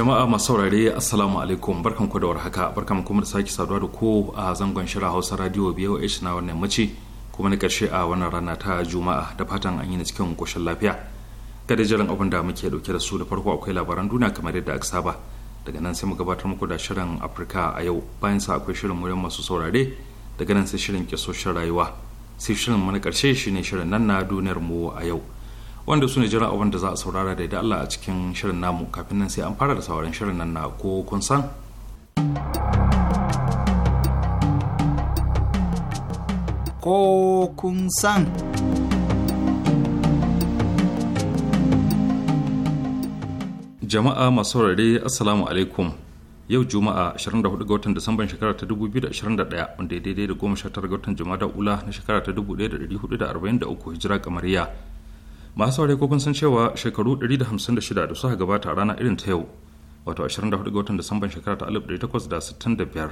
jama'a masu saurare assalamu alaikum barkan ku da warhaka barkan kuma da sake saduwa da ku a zangon shirin hausa radio BOH na wannan mace kuma na karshe a wannan rana ta juma'a da fatan an yi na cikin koshin lafiya kada jiran abin da muke dauke da su da farko akwai labaran duniya kamar yadda aka saba daga nan sai mu gabatar muku da shirin afirka a yau bayan sa akwai shirin muryar masu saurare daga nan sai shirin kisoshin rayuwa sai shirin mana karshe shine shirin nan na duniyar mu a yau wanda su ne jiran abin da za a saurara da Allah a cikin shirin namu kafin nan sai an fara da sauran shirin nan na ko kun san. Ko kun san. Jama'a masu saurare Assalamu alaikum. yau juma'a 24 ga watan disamban shekara ta 2021 wanda ya daidai da 19 ga watan jama'a ula na shekara ta 1443 hijira kamariya masu saurari ko kun san cewa shekaru 156 da suka gabata a rana irin ta yau wato 24 ga watan disamban shekara ta 1865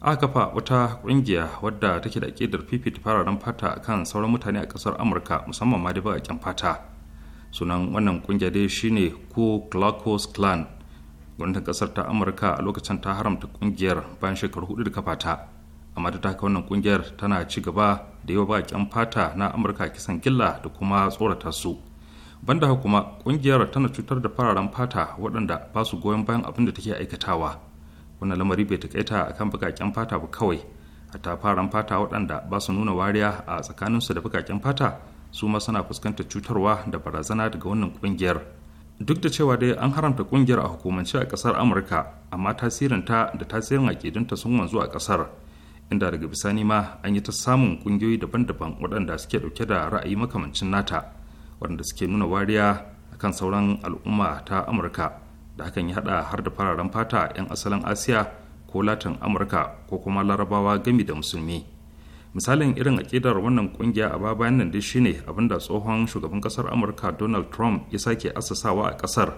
aka kafa wata kungiya wadda take da ƙidar fifita fararen fata kan sauran mutane a kasar amurka musamman ma da bakin fata sunan wannan kungiya dai shine ku Klux klan gwamnatin ƙasar ta amurka a lokacin ta haramta kungiyar bayan shekaru hudu da kafa ta amma da ta haka wannan kungiyar tana ci gaba da yi wa fata na amurka kisan gilla da kuma tsorata su banda haka kuma ƙungiyar tana cutar da fararen fata waɗanda ba su goyon bayan abin da take aikatawa wannan lamari bai takaita akan bakin fata ba kawai hatta fararen fata waɗanda ba su nuna wariya a tsakaninsu da bakin fata su ma suna fuskantar cutarwa da barazana daga wannan kungiyar duk da cewa dai an haramta kungiyar a hukumance a kasar amurka amma tasirinta da tasirin aƙidinta sun wanzu a kasar inda daga bisani ma an yi ta samun kungiyoyi daban-daban waɗanda suke ɗauke da ra'ayi makamancin nata waɗanda suke nuna wariya kan sauran al'umma ta amurka da hakan ya haɗa har da fararen fata 'yan asalin asiya ko latin amurka ko kuma larabawa gami da musulmi misalin irin aƙidar wannan ƙungiya a bayan nan dai shine abinda tsohon shugaban ƙasar amurka donald trump ya sake assasawa a ƙasar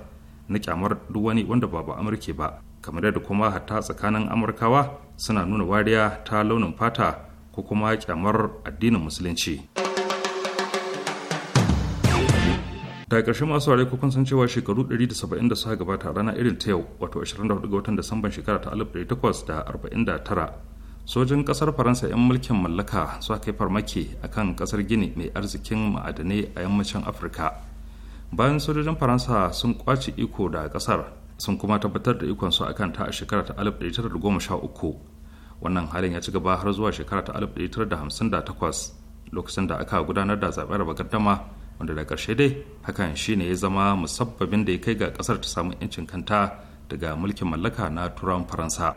na kyamar duk wani wanda ba ba amurke ba kamar yadda kuma hatta tsakanin amurkawa suna nuna wariya ta launin fata ko kuma kyamar addinin musulunci daga ƙarshe masu ware kukun san cewa shekaru 170 da suka gabata rana irin ta yau wato 24 ga watan disamban shekara ta 1849 sojin kasar faransa 'yan mulkin mallaka su kai farmaki a kan ƙasar gini mai arzikin ma'adanai a yammacin afirka bayan sojojin faransa sun kwace iko da ƙasar sun kuma tabbatar da ikonsu a kanta a shekara ta 1913 wannan halin ya ci gaba har zuwa shekara ta 1958 lokacin da aka gudanar da zaɓen raba gardama wanda da ƙarshe dai hakan shine ya zama musabbabin da ya kai ga ƙasar ta samu 'yancin kanta daga mulkin mallaka na turan faransa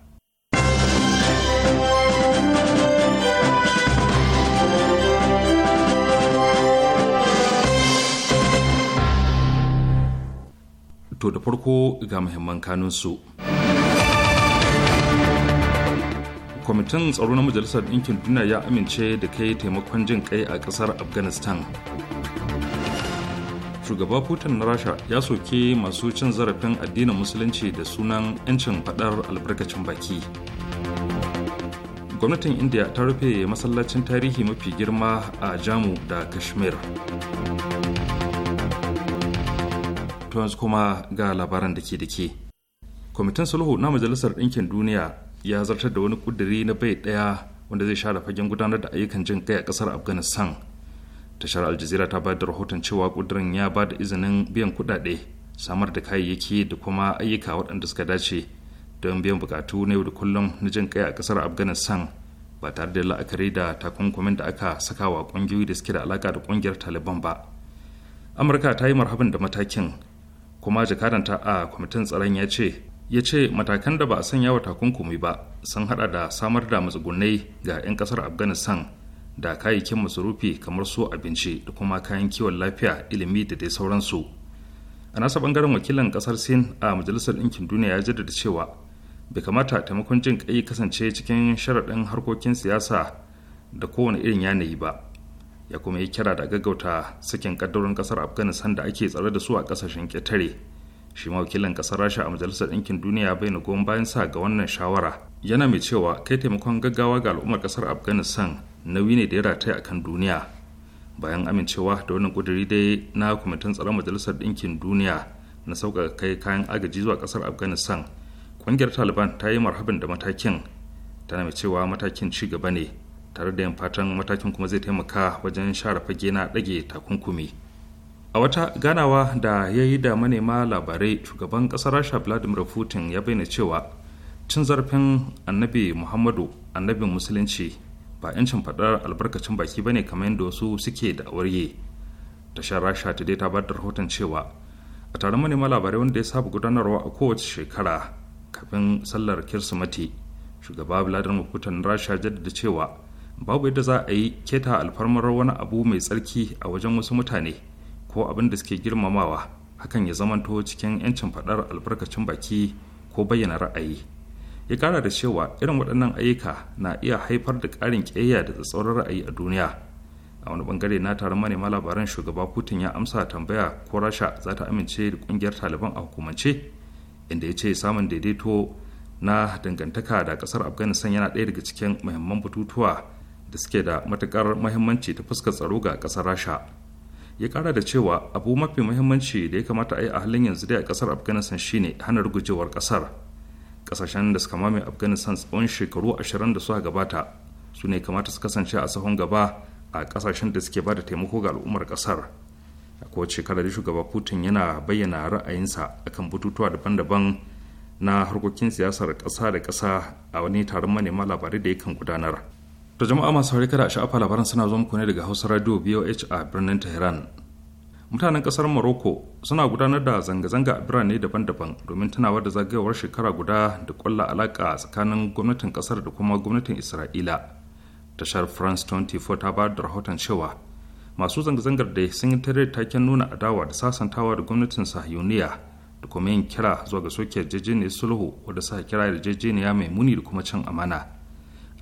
To da farko ga muhimman kanunsu. Kwamitin tsaro na Majalisar Ɗinkin Duniya ya amince da kai taimakon jin kai a ƙasar Afghanistan. Shugaba Putin na Rasha ya soke masu cin zarafin addinin Musulunci da sunan 'yancin faɗar albarkacin baki. gwamnatin india ta rufe masallacin tarihi mafi girma a jamu da kashmir to kuma ga labaran da ke da ke kwamitin sulhu na majalisar ɗinkin duniya ya zartar da wani ƙudiri na bai ɗaya wanda zai share fagen gudanar da ayyukan jin kai a ƙasar afghanistan tashar aljazira ta bayar da rahoton cewa ƙudurin ya ba da izinin biyan kuɗaɗe samar da kayayyaki da kuma ayyuka waɗanda suka dace don biyan buƙatu na yau da kullum na jin kai a ƙasar afghanistan ba tare da la'akari da takunkumin da aka saka wa ƙungiyoyi da suke da alaƙa da ƙungiyar taliban ba amurka ta yi marhaban da matakin kuma jakadanta a kwamitin tsaron ya ce ya ce matakan da ba a sanya wa takunkumi ba sun hada da samar da matsugunai ga 'yan kasar afghanistan da kayayyakin masarufi kamar su abinci da kuma kayan kiwon lafiya ilimi da dai sauransu a nasa bangaren wakilan kasar sin a majalisar ɗinkin duniya ya jaddada cewa bai kamata taimakon jin kai kasance cikin sharaɗin harkokin siyasa da kowane irin yanayi ba ya kuma yi kira da gaggauta sakin kaddarorin kasar afghanistan da ake tsare da su a kasashen ƙetare shi ma kasar rasha a majalisar ɗinkin duniya bai na goyon bayan sa ga wannan shawara yana mai cewa kai taimakon gaggawa ga al'ummar kasar afghanistan nauyi ne da ya rataya akan duniya bayan amincewa da wannan kuduri dai na kwamitin tsaron majalisar ɗinkin duniya na sauƙaƙa kai kayan agaji zuwa kasar afghanistan ƙungiyar taliban ta yi marhabin da matakin tana mai cewa matakin ci gaba ne tare da yin fatan matakin kuma zai taimaka wajen share fage na ɗage takunkumi a wata ganawa da ya yi da manema labarai shugaban ƙasar rasha vladimir putin ya bayyana cewa cin zarafin annabi muhammadu annabin musulunci ba 'yancin faɗar albarkacin baki ba ne kamar yadda wasu suke da aure tashar rasha ta dai ta ba da rahoton cewa a taron manema labarai wanda ya saba gudanarwa a kowace shekara kafin sallar kirsimati shugaba vladimir putin rasha jaddada cewa babu yadda za a yi keta alfarmar wani abu mai tsarki a wajen wasu mutane ko abin da suke girmamawa hakan ya zamanto cikin 'yancin faɗar albarkacin baki ko bayyana ra'ayi ya kara da cewa irin waɗannan ayyuka na iya haifar da ƙarin ƙeya da tsatsauran ra'ayi a duniya a wani bangare na taron manema labaran shugaba putin ya amsa tambaya ko rasha za ta amince da ƙungiyar taliban a hukumance inda ya ce samun daidaito na dangantaka da ƙasar afghanistan yana ɗaya daga cikin muhimman batutuwa da suke da matukar mahimmanci ta fuskar tsaro ga kasar rasha ya kara da cewa abu mafi mahimmanci da ya kamata a yi a halin yanzu dai a kasar afghanistan shine hana rugujewar kasar kasashen da suka mame afghanistan tsawon shekaru ashirin da suka gabata su ne kamata su kasance a sahun gaba a kasashen da suke bada taimako ga al'ummar kasar a kowace shekara da shugaba putin yana bayyana ra'ayinsa akan bututuwa daban-daban na harkokin siyasar ƙasa da ƙasa a wani taron manema labarai da yakan gudanar To jama'a masu kada da sha'afa labaran suna zo muku ne daga Hausa Radio BOH a birnin Tehran. Mutanen kasar Morocco suna gudanar da zanga-zanga a birane daban-daban domin tunawa da zagayowar shekara guda da kwalla alaka tsakanin gwamnatin kasar da kuma gwamnatin Isra'ila. Tashar France 24 ta bayar da rahoton cewa masu zanga-zangar da sun yi tare taken nuna adawa da sasantawa da gwamnatin sahuniya da kuma yin kira zuwa ga soke yarjejeniyar sulhu wadda sa kira yarjejeniya mai muni da kuma cin amana.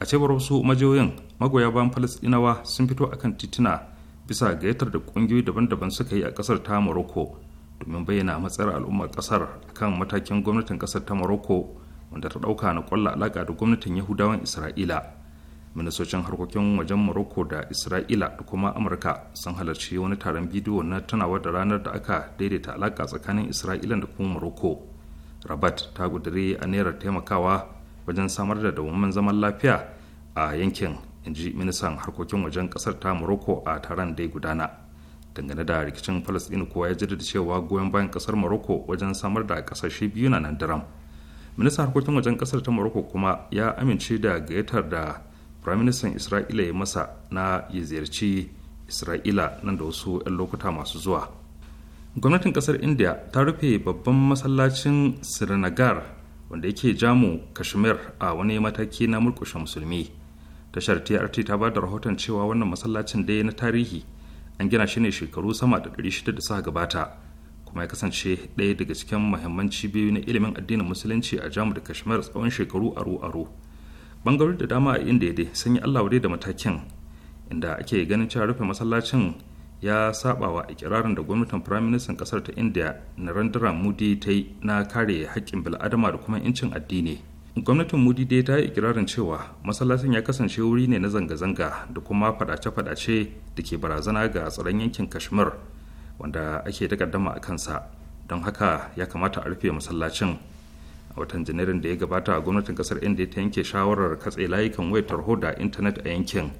a cewar wasu majiyoyin magoya bayan falasɗinawa sun fito a kan tituna bisa gayyatar da ƙungiyoyi daban-daban suka yi a ƙasar ta morocco domin bayyana matsayar al'ummar ƙasar kan matakin gwamnatin ƙasar ta morocco wanda ta ɗauka na kwalla alaka da gwamnatin yahudawan isra'ila ministocin harkokin wajen morocco da isra'ila da kuma amurka sun halarci wani taron bidiyo na tunawa da ranar da aka daidaita alaka tsakanin isra'ila da kuma morocco rabat ta a naira taimakawa wajen samar da dawamman zaman lafiya a yankin in ji ministan harkokin wajen kasar ta morocco a taron dai gudana dangane da rikicin palestine kowa ya jaddada cewa goyon bayan kasar morocco wajen samar da kasashe biyu na nan daram ministan harkokin wajen kasar ta morocco kuma ya amince da gayyatar da firaministan isra'ila ya masa na ya ziyarci isra'ila nan da wasu 'yan lokuta masu zuwa gwamnatin kasar india ta rufe babban masallacin srinagar wanda yake jamu kashmir a wani mataki na murkushe musulmi tashar trt ta ba da rahoton cewa wannan masallacin dai na tarihi an gina shi ne shekaru sama da 600 da suka gabata kuma ya kasance ɗaya daga cikin muhimman cibiyoyi na ilimin addinin musulunci a jamu da kashmir tsawon shekaru aru-aru bangarori da dama a inda ya dai sun yi allah da matakin inda ake ganin cewa rufe masallacin ya sabawa ikirarin da gwamnatin firaministan kasar ta india narendra modi ta yi na kare haƙƙin bil'adama da kuma 'yancin addini gwamnatin modi dai ta yi ikirarin cewa masallacin ya kasance wuri ne na zanga-zanga da kuma faɗace-faɗace da ke barazana ga tsaron yankin kashmir wanda ake takaddama a kansa don haka ya kamata a rufe masallacin a watan janairun da ya gabata gwamnatin kasar india ta yanke shawarar katse layukan wayar tarho da intanet a yankin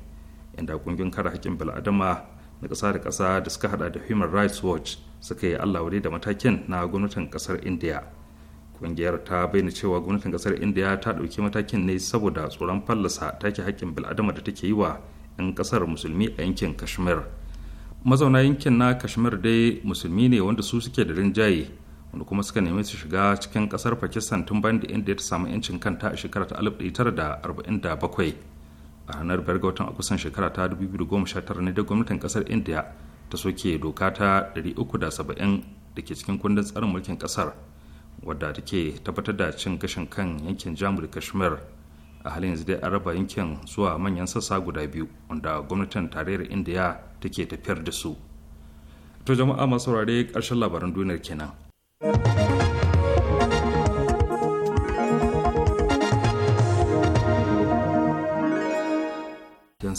inda kungiyar kare haƙƙin bil'adama na ƙasa da ƙasa da suka hada da human rights watch suka yi allah wadai da matakin na gwamnatin ƙasar india ƙungiyar ta bayyana cewa gwamnatin ƙasar india ta ɗauki matakin ne saboda tsoron fallasa take haƙƙin bil'adama da take yi wa 'yan kasar musulmi a yankin kashmir mazauna yankin na kashmir dai musulmi ne wanda su suke da rinjaye wanda kuma suka nemi su shiga cikin ƙasar pakistan tun bayan da inda ta samu yancin kanta a shekarar ta 1947 a ranar bayar ga watan akusan shekara ta 2019 ne da gwamnatin kasar india ta soke doka ta 370 da ke cikin kundin tsarin mulkin kasar wadda take tabbatar da cin gashin kan yankin jamhur da kashmir a halin yanzu dai an raba yankin zuwa manyan sassa guda biyu wanda gwamnatin tarayyar indiya take tafiyar da su to jama'a masu saurare ƙarshen labaran duniyar kenan.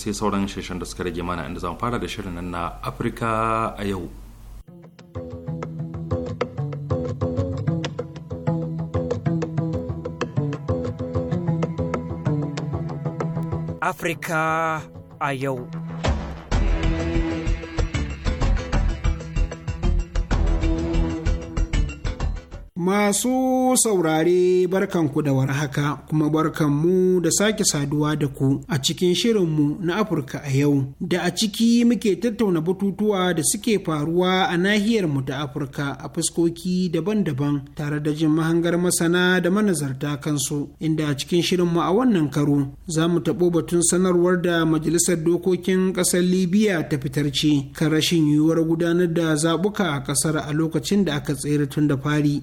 sai sauran shirin da suka rage mana inda zan fara da shirin nan na afirka a yau afirka a yau Masu saurare barkanku da warhaka kuma barkanmu da sake saduwa da ku a cikin shirinmu na Afirka a yau da a ciki muke tattauna batutuwa da suke faruwa a nahiyar mu ta Afirka a fuskoki daban-daban tare da jin mahangar masana da manazarta kansu inda a cikin shirinmu a wannan karo za mu taɓo batun sanarwar da Majalisar Dokokin Ƙasar Libya ta fitar ce kan rashin yiwuwar gudanar da zaɓuka a ƙasar a lokacin da aka tsere tun da fari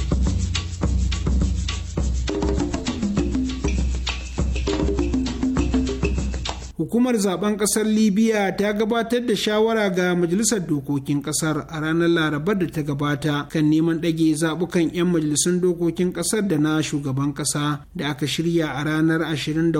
hukumar zaben kasar libya ta gabatar da shawara ga majalisar dokokin kasar a ranar larabar da ta gabata kan neman ɗage zaɓukan 'yan majalisun dokokin kasar da na shugaban kasa da aka shirya a ranar 24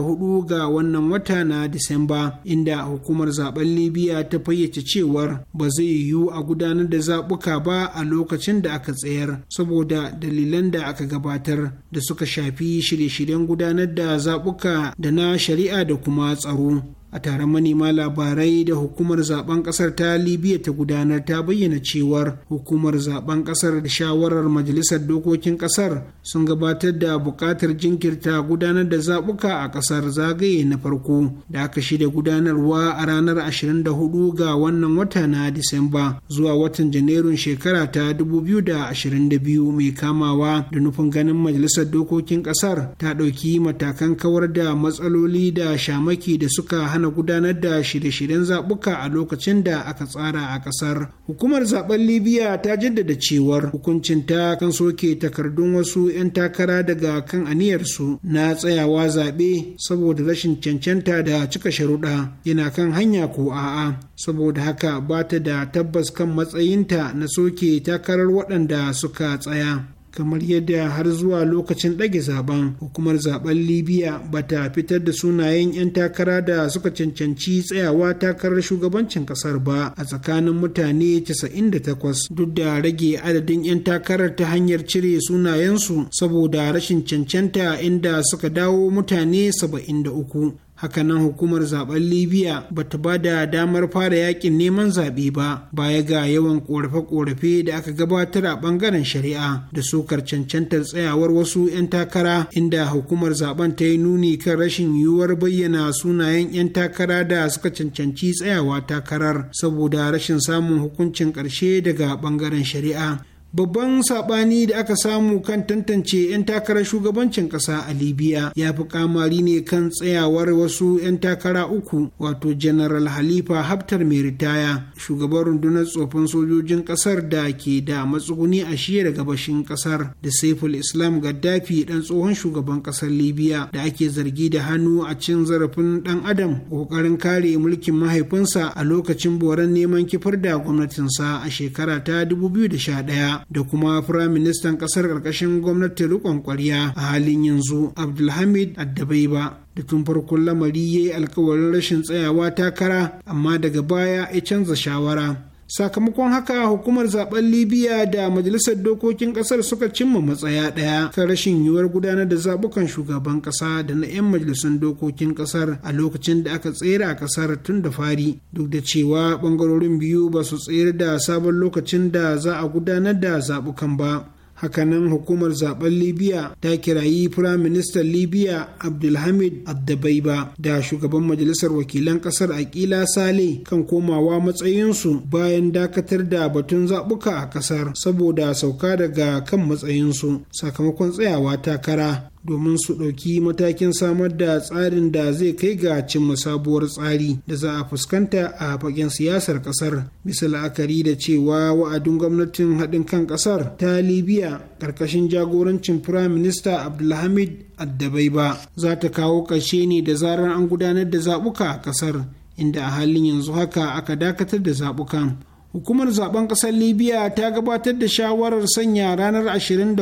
ga wannan wata na disamba inda hukumar zaben libya ta fayyace cewar ba zai yiwu a gudanar da zaɓuka ba a lokacin da aka tsayar saboda dalilan da aka gabatar da suka shafi shirye-shiryen gudanar da zaɓuka da na shari'a da kuma tsaro a taron manema labarai da hukumar zaben kasar ta libya ta gudanar ta bayyana cewar hukumar zaben kasar da shawarar majalisar dokokin kasar sun gabatar da buƙatar jinkirta gudanar da zaɓuka a kasar zagaye na farko da aka shida gudanarwa a ranar 24 ga wannan wata na disamba zuwa watan janairun shekara ta 2022 mai kamawa da nufin ganin majalisar dokokin kasar ta ɗauki matakan kawar da matsaloli da shamaki da suka hana hana gudanar da shirye-shiryen zaɓuka a lokacin da aka tsara a ƙasar. Hukumar zaben Libya ta jaddada cewar hukuncin ta kan soke takardun wasu 'yan takara daga kan aniyarsu na tsayawa zaɓe saboda rashin cancanta da cika sharuɗa yana kan hanya ko a'a. Saboda haka ba ta da tabbas kan matsayinta na soke takarar waɗanda suka tsaya. kamar yadda har zuwa lokacin ɗage zaben hukumar zaben libya bata fitar da sunayen 'yan takara da suka cancanci tsayawa takarar shugabancin kasar ba a tsakanin mutane 98 duk da rage adadin 'yan takarar ta hanyar cire sunayensu saboda rashin cancanta inda suka dawo mutane 73 hakanan hukumar zaben libya ba ta ba da damar fara yakin neman zaɓe ba baya ga yawan korafe-korafe da aka gabatar a ɓangaren shari'a da sukar cancantar tsayawar wasu 'yan takara inda hukumar zaben ta yi nuni kan rashin yiwuwar bayyana sunayen 'yan takara da suka cancanci tsayawa takarar saboda rashin samun hukuncin ƙarshe daga ɓangaren shari'a Babban saɓani da aka samu kan tantance 'yan takarar shugabancin ƙasa a Libya ya fi kamari ne kan tsayawar wasu 'yan takara uku wato General Halifa Haftar mai ritaya, shugaban rundunar tsofin sojojin ƙasar da ke da matsuguni a shiyar gabashin ƙasar da Saiful Islam Gaddafi ɗan tsohon shugaban ƙasar Libya da ake zargi da hannu a cin zarafin ɗan adam ƙoƙarin kare mulkin mahaifinsa a lokacin boran neman kifar da gwamnatinsa a shekara ta 2011. da kuma firaministan ƙasar ƙarƙashin gwamnati riƙon ƙwarya a halin yanzu abdulhamid addabai ba da tun farkon lamari ya yi alkawarin rashin tsayawa takara amma daga baya ya canza shawara sakamakon haka hukumar zaben libya da majalisar dokokin kasar suka cimma matsaya ɗaya kan rashin yiwuwar gudanar da zabukan shugaban kasa da na 'yan majalisun dokokin kasar a lokacin da aka tsere a kasar tun da fari duk da cewa bangarorin biyu ba su tsere da sabon lokacin da za a gudanar da zabukan ba hakanan hukumar zaben libya ta kirayi ministan libya abdulhamid addabaiba da shugaban majalisar wakilan kasar akila sale kan komawa matsayinsu bayan dakatar da batun zabuka a kasar saboda sauka daga kan matsayinsu sakamakon tsayawa takara domin su ɗauki matakin samar da tsarin da zai kai ga cimma sabuwar tsari da za a fuskanta a fagen siyasar ƙasar bisa la'akari da cewa wa'adin gwamnatin haɗin kan ƙasar ta libya ƙarƙashin jagorancin firayim minista abdulhamid addabai ba za ta kawo ƙarshe ne da zarar an gudanar da zaɓuka a ƙasar inda a halin yanzu haka aka dakatar da zaɓukan hukumar zaben kasar libya ta gabatar da shawarar sanya ranar 24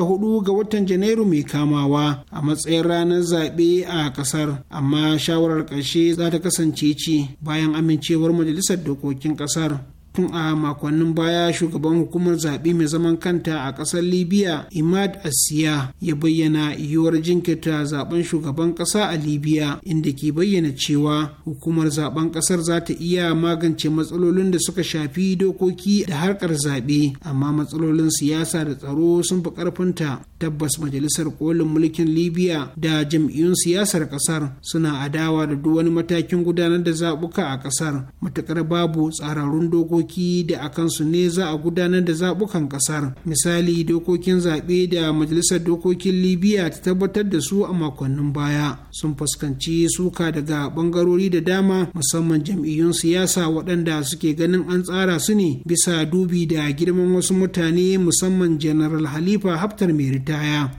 ga watan janairu mai kamawa a matsayin ranar zaɓe a kasar amma shawarar ƙarshe za ta kasance ce bayan amincewar majalisar dokokin kasar tun a makonnin baya shugaban hukumar zaɓe mai zaman kanta a ƙasar libya imad asiya ya bayyana yiwuwar jinkirta zaben shugaban ƙasa a libya inda ke bayyana cewa hukumar zaben ƙasar za ta iya magance matsalolin da suka shafi dokoki da harkar zaɓe amma matsalolin siyasa da tsaro sun fi ƙarfinta tabbas majalisar kolin mulkin libya da jam'iyyun siyasar ƙasar suna adawa da duk wani matakin gudanar da zaɓuka a ƙasar matuƙar babu tsararrun dokoki dokoki da a kansu ne za a gudanar da zabukan kasar misali dokokin zaɓe da majalisar dokokin libya ta tabbatar da su a makonnin baya sun fuskanci suka daga bangarori da dama musamman jam'iyyun siyasa waɗanda suke ganin an tsara su ne bisa dubi da girman wasu mutane musamman general halifa haftar mai ritaya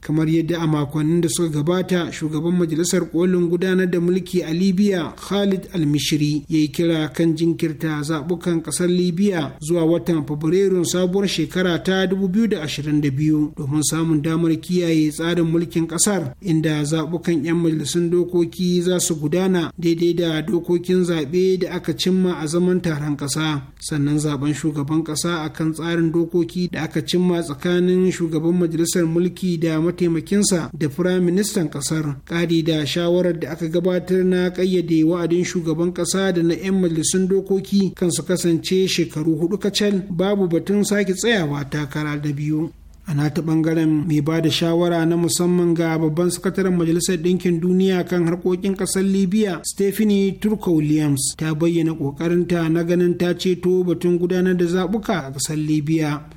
kamar yadda a makonnin da suka gabata shugaban majalisar kolin gudanar da mulki a libya khalid almishiri ya yi kira kan jinkirta zaɓukan ƙasar libya zuwa watan fabrairun sabuwar shekara ta 2022 domin samun damar kiyaye tsarin mulkin ƙasar inda zaɓukan 'yan majalisun dokoki za su gudana daidai da dokokin zaɓe da aka cimma a zaman taron ƙasa sannan zaben shugaban ƙasa akan tsarin dokoki da aka cimma tsakanin shugaban majalisar mulki da mataimakinsa da firayim ministan ƙasar ƙari da shawarar da aka gabatar na kayyade wa'adin shugaban kasa da na 'yan majalisun dokoki kan su kasance shekaru hudu kacal babu batun sake tsayawa takara da biyu a nata bangaren mai ba da shawara na musamman ga babban sakataren majalisar ɗinkin duniya kan harkokin ƙasar libya stephanie turko williams ta bayyana ƙoƙarinta na ganin ta ceto batun gudanar da zaɓuka a ƙasar libya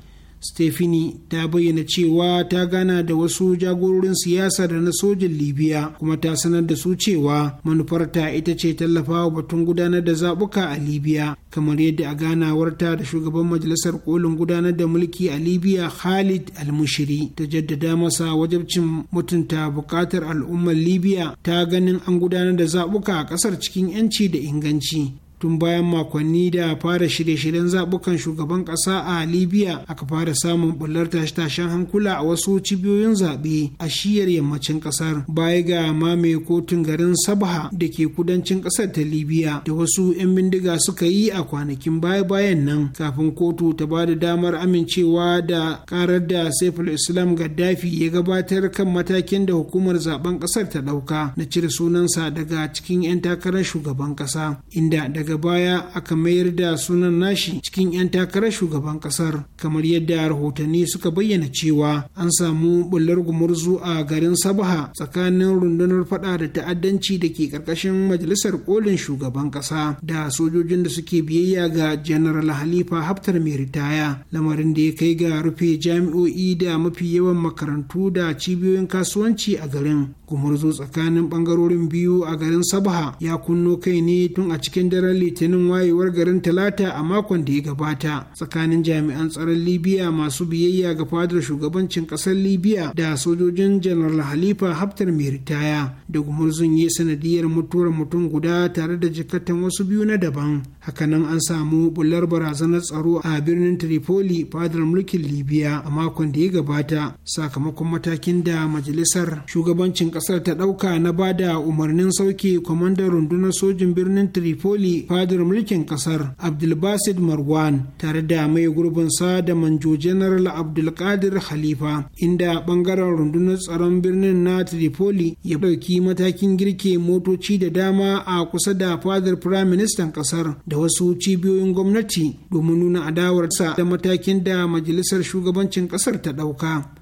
Stefani ta bayyana cewa ta gana da wasu jagororin siyasa da na sojin libiya kuma ta sanar da su cewa manufarta ita ce tallafawa batun gudanar da zabuka a libiya kamar yadda a ganawarta da shugaban majalisar kolin gudanar da mulki a libiya Khalid Al-Mushiri ta jaddada masa wajabcin mutunta buƙatar al'ummar libiya ta ganin an gudanar da zabuka a ƙasar cikin 'yanci da inganci tun bayan makonni da fara shirye-shiryen zaɓukan shugaban ƙasa a libya aka fara samun bullar tashe-tashen hankula a wasu cibiyoyin zaɓe a shiyar yammacin ƙasar baya ga mame kotun garin sabha da ke kudancin ƙasar ta libya da wasu 'yan bindiga suka yi a kwanakin baya-bayan nan kafin kotu ta ba da damar amincewa da karar da saiful islam gaddafi ya gabatar kan matakin da hukumar zaɓen ƙasar ta ɗauka na cire sunansa daga cikin 'yan takarar shugaban ƙasa inda daga daga baya aka mayar da sunan nashi cikin 'yan takarar shugaban kasar kamar yadda rahotanni suka bayyana cewa an samu bullar gumurzu a garin sabaha tsakanin rundunar fada da ta'addanci da ke karkashin majalisar kolin shugaban kasa da sojojin da suke biyayya ga general halifa haftar mai ritaya lamarin da ya kai ga rufe jami'o'i da mafi yawan makarantu da cibiyoyin kasuwanci a garin gumurzu tsakanin bangarorin biyu a garin sabaha ya kunno kai ne tun a cikin daren litinin wayewar garin talata a makon da ya gabata tsakanin jami'an tsaron libya masu biyayya ga fadar shugabancin kasar libya da sojojin janar halifa haftar mai ritaya da gumurzun yi sanadiyar mutuwar mutum guda tare da jikatan wasu biyu na daban hakanan an samu bular barazanar tsaro a birnin tripoli fadar mulkin libya a makon da ya gabata sakamakon matakin da majalisar shugabancin kasar ta ɗauka na bada umarnin sauke kwamandan rundunar sojin birnin tripoli fadar mulkin kasar abdulbasid marwan tare da mai gurbinsa da manjo general abdulkadir khalifa inda bangaren rundunar tsaron birnin na tripoli ya ɗauki matakin girke motoci da dama a kusa da fadar firaministan kasar da wasu cibiyoyin gwamnati domin nuna adawarsa da matakin da majalisar shugabancin kasar ta ɗauka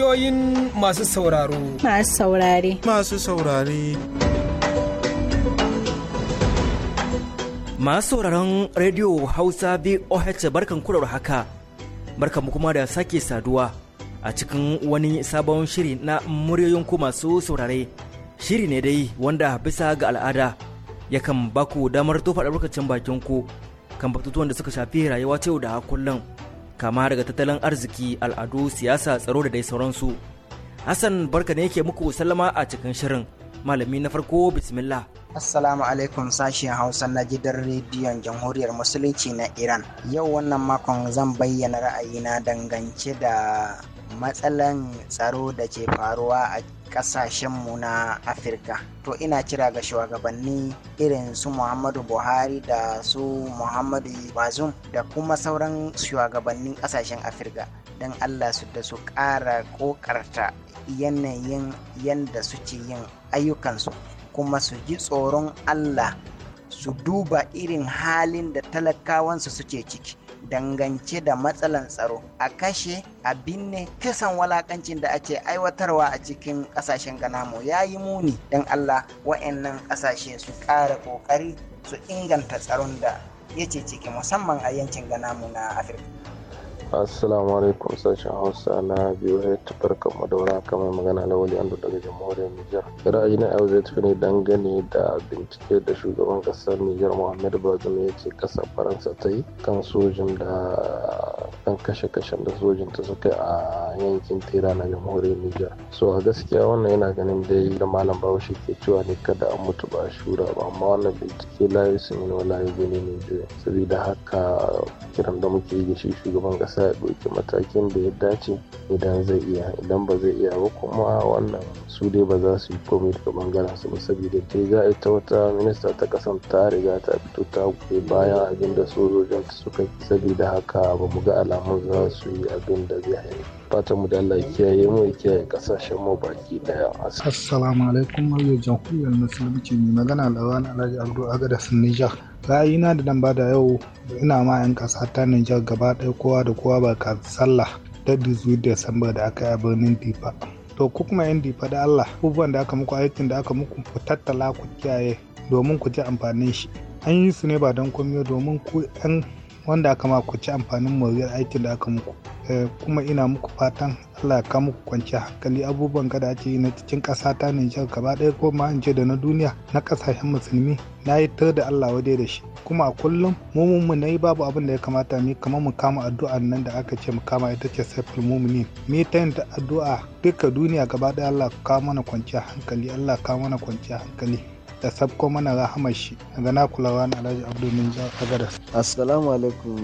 Muryoyin masu sauraro. Masu saurare. Masu saurare. Masu sauraron Radio Hausa VOH barkan kurar haka, barkan kuma da sake saduwa a cikin wani sabon shiri na muryoyin ku masu saurare. Shiri ne dai wanda bisa ga al'ada yakan baku damar tofa albarkacin bakin ku kan batutuwan da suka shafi rayuwa ta da kullum. kama daga tattalin arziki al'adu siyasa tsaro da dai sauransu hassan barka ne yake muku sallama a cikin shirin malami na farko bismillah Assalamu alaikum sashen Hausa na gidan rediyon Jamhuriyar Musulunci na Iran. Yau wannan makon zan bayyana ra'ayina dangance da matsalan tsaro da ke faruwa a mu na afirka to ina kira ga shugabanni irin su muhammadu buhari da su muhammadu bazum da kuma sauran shugabannin kasashen afirka don allah su da su kara kokarta yanayin yadda suke yin ayyukansu kuma su ji tsoron allah su duba irin halin da talakawansu suke ciki dangance da matsalan tsaro a kashe a binne kisan walakancin da ake aiwatarwa a cikin ƙasashen ganamu ya yi muni don allah wa'annan ƙasashe su ƙara ƙoƙari su inganta tsaron da ya ciki musamman a yankin ganamu na afirka assalamu alaikum sashen hausa na biyu ya tafar kan madaura kamar magana lawali an daga jamhuriyar nijar ra'ayi na yau zai tafi ne dangane da bincike da shugaban kasar nijar muhammadu bazoum ya ce kasar faransa ta yi kan sojin da kan kashe-kashen da sojin ta suka a yankin tera na jamhuriyar nijar so a gaskiya wannan yana ganin dai da malam bahaushe ke cewa ne kada an mutu ba shura ba amma wannan bincike layi sun yi layi gani ne saboda haka kiran da muke yi da shi shugaban kasar sa ya ɗauki matakin da ya dace idan zai iya idan ba zai iya ba kuma wannan su dai ba za su yi komai daga bangaren su ba saboda yi ta wata minista ta kasan ta riga ta fito ta gobe bayan abin da sojojin suka yi saboda haka ba mu ga alamun za su yi abin da zai haifar. fatan mu da Allah ya kiyaye mu ya kiyaye kasashen mu baki daya assalamu alaikum wa jamhuriyar musulunci mai magana lawan alhaji abdu agada Ra'ayi na da nan bada yau ina ma yan kasa ta Nijar gaba ɗaya kowa da kowa ba ka sallah 18 samba da aka yi a birnin Difa to ku kuma yan Difa da Allah abubuwan da aka muku aikin da aka muku ku tattala ku kiyaye domin ku ji amfanin shi an yi su ne ba don komai domin ku yan wanda aka ma ku ci amfanin moriyar aikin da aka muku eh, kuma ina muku fatan Allah ka muku kwanci hankali abubuwan kada ake yi na cikin ƙasa ta Nijar gaba ɗaya ko ma da na duniya na ƙasashen musulmi na yi tar da Allah wadai da shi kuma a kullum mumun mu nayi babu abin da ya kamata mu kamar mu kama addu'a nan da aka ce mu kama ita ce saiful mu'minin mu ta yin addu'a duka duniya gaba ɗaya Allah ka mana kwanciya hankali Allah ka mana kwanciya hankali da sabko mana rahamar shi daga na kulawa na alhaji abdul minjar agadas assalamu alaikum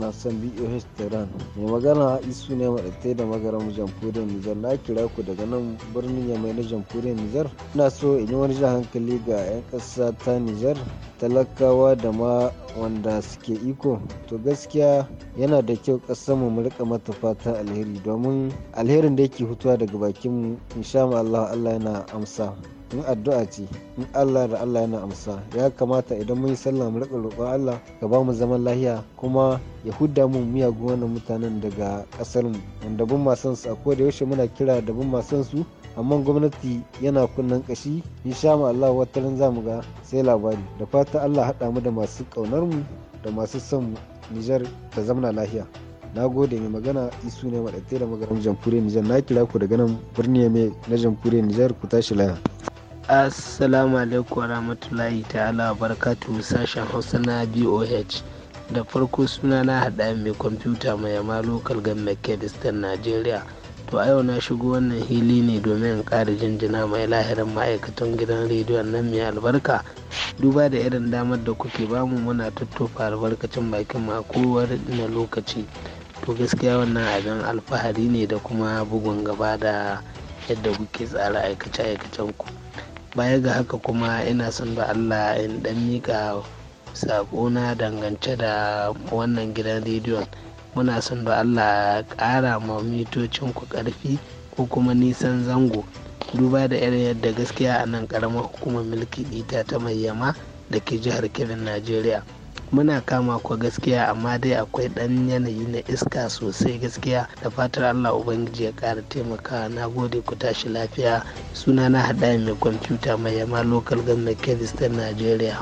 na son boh tehran mai magana isu ne maɗatai da magaran jamhuriyar nizar na kira ku daga nan birnin yamai na jamhuriyar nizar ina so in yi wani jan hankali ga 'yan ƙasa ta nijar talakawa da ma wanda suke iko to gaskiya yana da kyau ƙasar mu rika mata fata alheri domin alherin da yake hutuwa daga bakin mu insha Allah Allah yana amsa in addu'a ce in Allah da Allah yana amsa ya kamata idan mun yi sallah mu rika roƙon Allah ka ba mu zaman lahiya kuma ya huda mu miyagun wannan mutanen daga ƙasar mu wanda bin masan su a da yaushe muna kira da bin masan su amma gwamnati yana kunnan kashi in sha mu Allah wataran za mu ga sai labari da fata Allah haɗa mu da masu kaunar mu da masu son mu Nijar ta zamana lahiya. na gode mai magana isu ne maɗaɗe da magana jamfure nijar na kira ku daga nan birni mai na jamfure nijar ku tashi laya assalamu alaikum warahmatullahi ta'ala barakatuhu sashen hausa na boh da farko suna na haɗa mai kwamfuta mai yama lokal gan kebistan najeriya to a yau na shigo wannan hili ne domin ƙara jinjina mai lahirin ma'aikatan gidan rediyon nan mai albarka duba da irin damar da kuke bamu muna tattofa albarkacin bakin makowar na lokaci to gaskiya wannan abin alfahari ne da kuma bugun gaba da yadda kuke tsara aikace-aikacen ku baya ga haka kuma ina son da allah in dan miƙa saƙona dangance da wannan gidan rediyon muna son da allah ƙara ma ku ƙarfi ko kuma nisan zango duba da irin yadda gaskiya a nan karamar hukumar mulki ita ta mai da ke jihar kebin najeriya muna kama ku gaskiya amma dai akwai ɗan yanayi na iska sosai gaskiya da fatar allah ubangiji ya kara taimaka na gode ku tashi lafiya suna na haɗa mai kwamfuta mai yama lokal gannan kevistan ta najeriya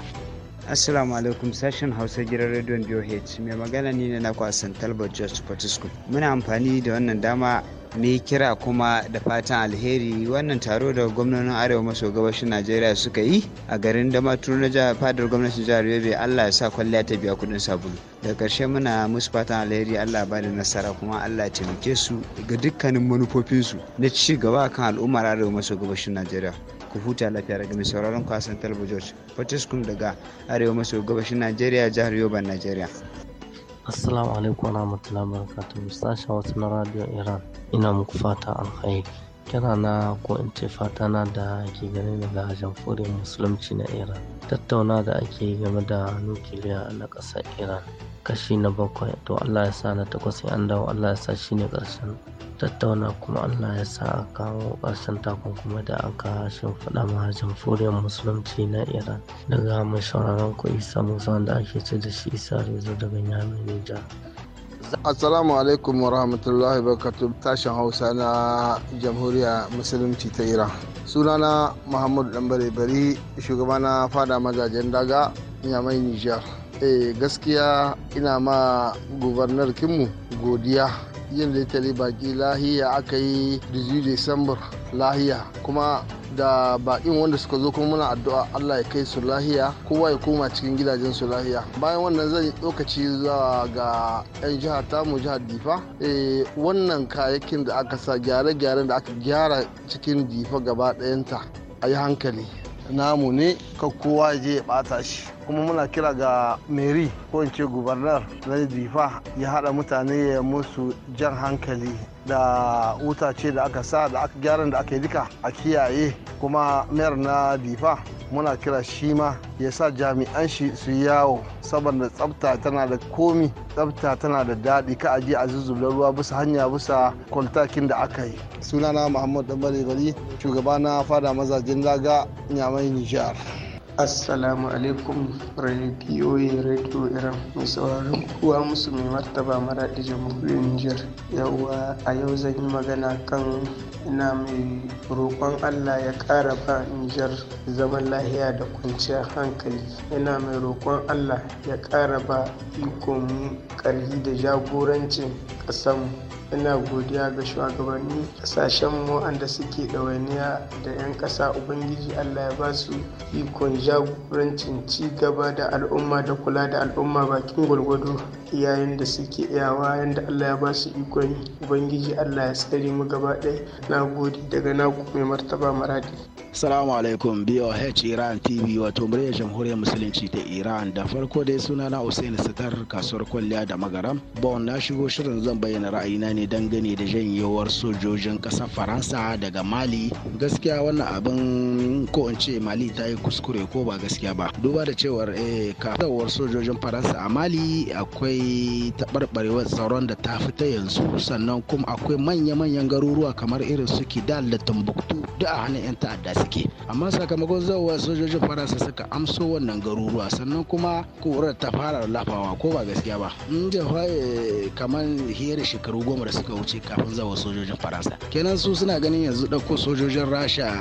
Assalamu alaikum sashen Hausa gidan rediyon BOH mai magana ne na kwasan Talbot George Fortescue. Muna amfani da wannan dama mai kira kuma da fatan alheri wannan taro da gwamnonin arewa maso gabashin najeriya suka yi a garin damaturu na fadar gwamnatin jihar yobe allah ya sa kwalliya ta biya kudin sabulu da karshe muna musu fatan alheri allah ba da nasara kuma allah ya taimake su ga dukkanin manufofinsu na ci gaba kan al'ummar arewa maso gabashin najeriya ku huta lafiya daga mai sauraron kwasan talabijin fortis daga arewa maso gabashin najeriya jihar yobe najeriya Assalamu alaikum wa rahmatullahi wa barakatuhu sashen wasu na radio Iran ina muku fata alkhairi. Kira na ko in ce fata na da ke gani daga jamhuriyar musulunci na Iran. Tattauna da ake game da nukiliya na ƙasar Iran. Kashi na bakwai to Allah ya sa na takwas an dawo Allah ya sa ne ƙarshen tattauna kuma allah ya sa a kawo ƙarshen takunkuma da aka shimfiɗa ma jamhuriyar musulunci na iran daga mai sauraron ku isa musa wanda ake ce da shi isa rezo daga nyami nijar Assalamu alaikum wa rahmatullahi barkatu tashin Hausa na Jamhuriya Musulunci ta Iran. Sunana Muhammadu Dambare Bari, shugaba na fada mazajen daga Nyamai Nijar. Eh gaskiya ina ma gubernar kinmu godiya yin litali baki lahiya aka yi 18 december lahiya kuma da baƙin wanda suka zo kuma muna addu'a Allah ya kai su lahiya kowa ya koma cikin gidajen su lahiya bayan wannan zan yi tsokaci zuwa ga yan jiha tamu jihar difa eh, wannan kayakin da aka sa gyare-gyaren da aka gyara cikin difa gaba ɗayanta a yi hankali namu ne ka kowa je ya ɓata shi kuma muna kira ga meri ko in ce gubernar na difa ya hada mutane ya musu jan hankali da wuta ce da aka sa da aka gyaran da aka yi duka a kiyaye kuma mayar na difa muna kira shi ma ya sa jami'an shi su yawo saboda tsafta tana da komi tsafta tana da daɗi ka aji a zuzzubar ruwa bisa hanya bisa kwaltakin da aka yi sunana muhammad dan bari shugaba na fada mazajen laga nyamai nijar Assalamu alaikum rediyoyi rediyo iran mai sauraron kuwa musu mai martaba mara maraɗi jamhuriyar Nijar. Yawwa a yau zan yi magana kan ina mai roƙon Allah ya ƙara ba Nijar zaman lahiya da kwanciyar hankali. Ina mai roƙon Allah ya ƙara ba ikon ƙarfi da jagorancin ƙasanmu. ina godiya ga shugabanni ƙasashen mu waɗanda suke ɗawainiya da 'yan ƙasa ubangiji allah ya ba su ikon jagorancin ci gaba da al'umma da kula da al'umma bakin gwargwado iyayen yayin da suke iyawa yanda Allah ya ba su ikon ubangiji Allah ya tsare mu gaba ɗaya na gode daga naku mai martaba maradi Salamu alaikum BOH Iran TV wato muryar jamhuriyar musulunci ta Iran da farko dai suna na Hussein Sitar kasuwar kwalliya da magaram bon na shigo shirin zan bayyana ra'ayina ne dangane da janyewar sojojin ƙasar Faransa daga Mali gaskiya wannan abin ko in ce Mali ta yi kuskure ko ba gaskiya ba duba da cewar eh kasuwar sojojin Faransa a Mali akwai akwai taɓarɓarewar tsaron da ta fita yanzu sannan kuma akwai manya-manyan garuruwa kamar irin su kidal da tumbuktu duk a hannun 'yan ta'adda suke amma sakamakon zawowa sojojin faransa suka amso wannan garuruwa sannan kuma kurar ta fara lafawa ko ba gaskiya ba in jafa kamar hiyar shekaru goma da suka wuce kafin zawo sojojin faransa kenan su suna ganin yanzu ɗauko sojojin rasha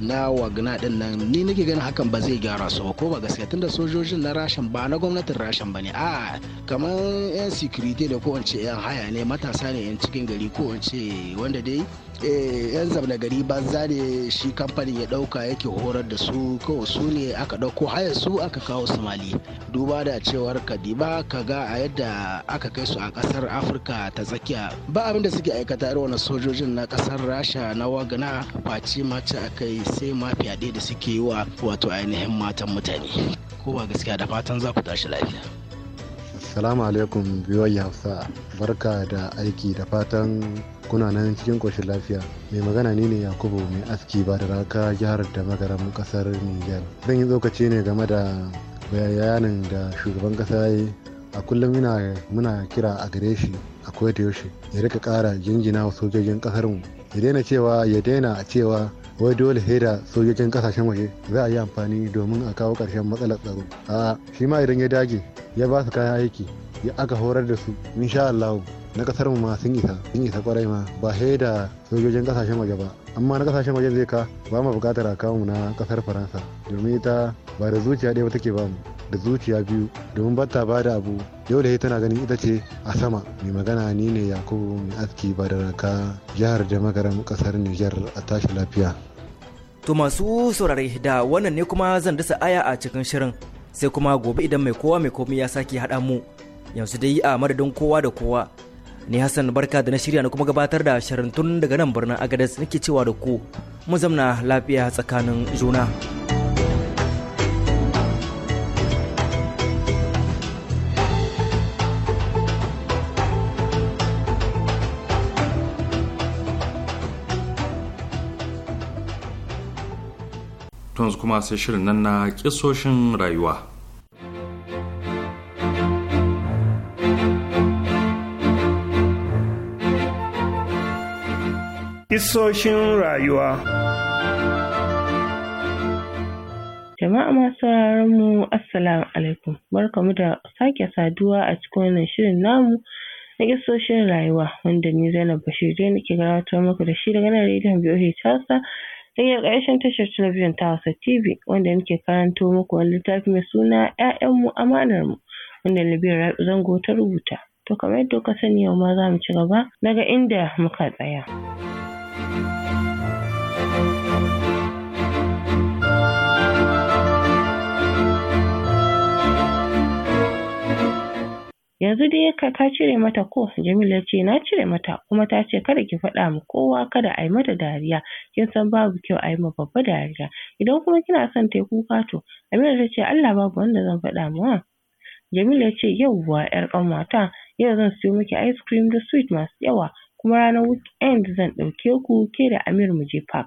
na wagna din nan ni nake ganin hakan ba zai gyara su ba ko ba gaskiya tunda sojojin na rashin ba na gwamnatin rashin ba ne a kamar kamar yan sikirite da kowace yan haya ne matasa ne yan cikin gari kowace wanda dai eh, yan zamna gari za ne shi kamfanin ya dauka yake horar da su kawai su ne aka dauko haya su aka kawo sumali duba da cewar kadiba ka ga a yadda aka kai su a kasar afirka ta tsakiya ba abin da suke aikata irin wani sojojin na kasar rasha na wagana face mace a kai sai ma fyaɗe da suke yi wa wato ainihin matan mutane ko ba gaskiya da fatan za ku tashi lafiya Assalamu alaikum biyoyi Hausa barka da aiki da fatan kuna nan cikin ƙoshin lafiya mai magana ni ne yakubu mai aski ba da raka jihar da magaram kasar niger zan yi tsokaci ne game da bayanin da shugaban kasa ya yi a kullum muna kira a gare shi a yaushe ya rika kara jinjina wa sojojin ƙasarmu ya daina cewa ya daina cewa wai dole sai da sojojin kasashen waje za a yi amfani domin a kawo ƙarshen matsalar tsaro a'a shi ma idan ya dage ya ba su kayan aiki ya aka horar da su insha Allah na kasar mu ma sun isa sun isa kwarai ma ba he da sojojin kasashen waje ba amma na kasashen waje zai ka ba mu bukatar akamu na kasar faransa domin ita ba da zuciya ɗaya ba take ba mu da zuciya biyu domin ba ta ba da abu yau da tana ganin ita ce a sama mai magana ni ne yakubu mai aski ba da raka jihar da kasar niger a tashi lafiya to masu saurare da wannan ne kuma zan dasa aya a cikin shirin sai kuma gobe idan mai kowa mai komai ya sake haɗa mu yanzu dai a madadin kowa da kowa Ni Hassan barka da na shirya na kuma gabatar da shirin tun daga nan birnin Agadez nake cewa da ku mu zamna lafiya tsakanin juna. yanzu kuma sai shirin nan na kisoshin rayuwa. Isoshin rayuwa. Jama'a masu mu Assalamu alaikum, mu da sake saduwa a cikin wannan shirin namu na isoshin rayuwa wanda ni Zainab Bashir dai nake gabatar muku da shi daga nan rediyon BOH Hausa da ƙarshen tashar talabijin ta Hausa TV wanda nake karanto muku wani littafi mai suna ‘ya'yanmu amanarmu wanda Libya Zango ta rubuta. To kamar yadda kuka sani yau ma za mu ci gaba daga inda muka tsaya. yanzu dai ka cire mata ko Jamilu ya ce na cire mata kuma ta ce kada ki faɗa ma kowa kada a yi mata dariya kin san babu kyau a yi ma babba dariya idan kuma kina son ta yi kuka to Amira ta ce Allah babu wanda zan faɗa ma Jamilu ya ce yauwa yar ƙanwata yau zan siyo miki ice cream da sweet masu yawa kuma ranar weekend zan ɗauke ku ke da Amir mu je park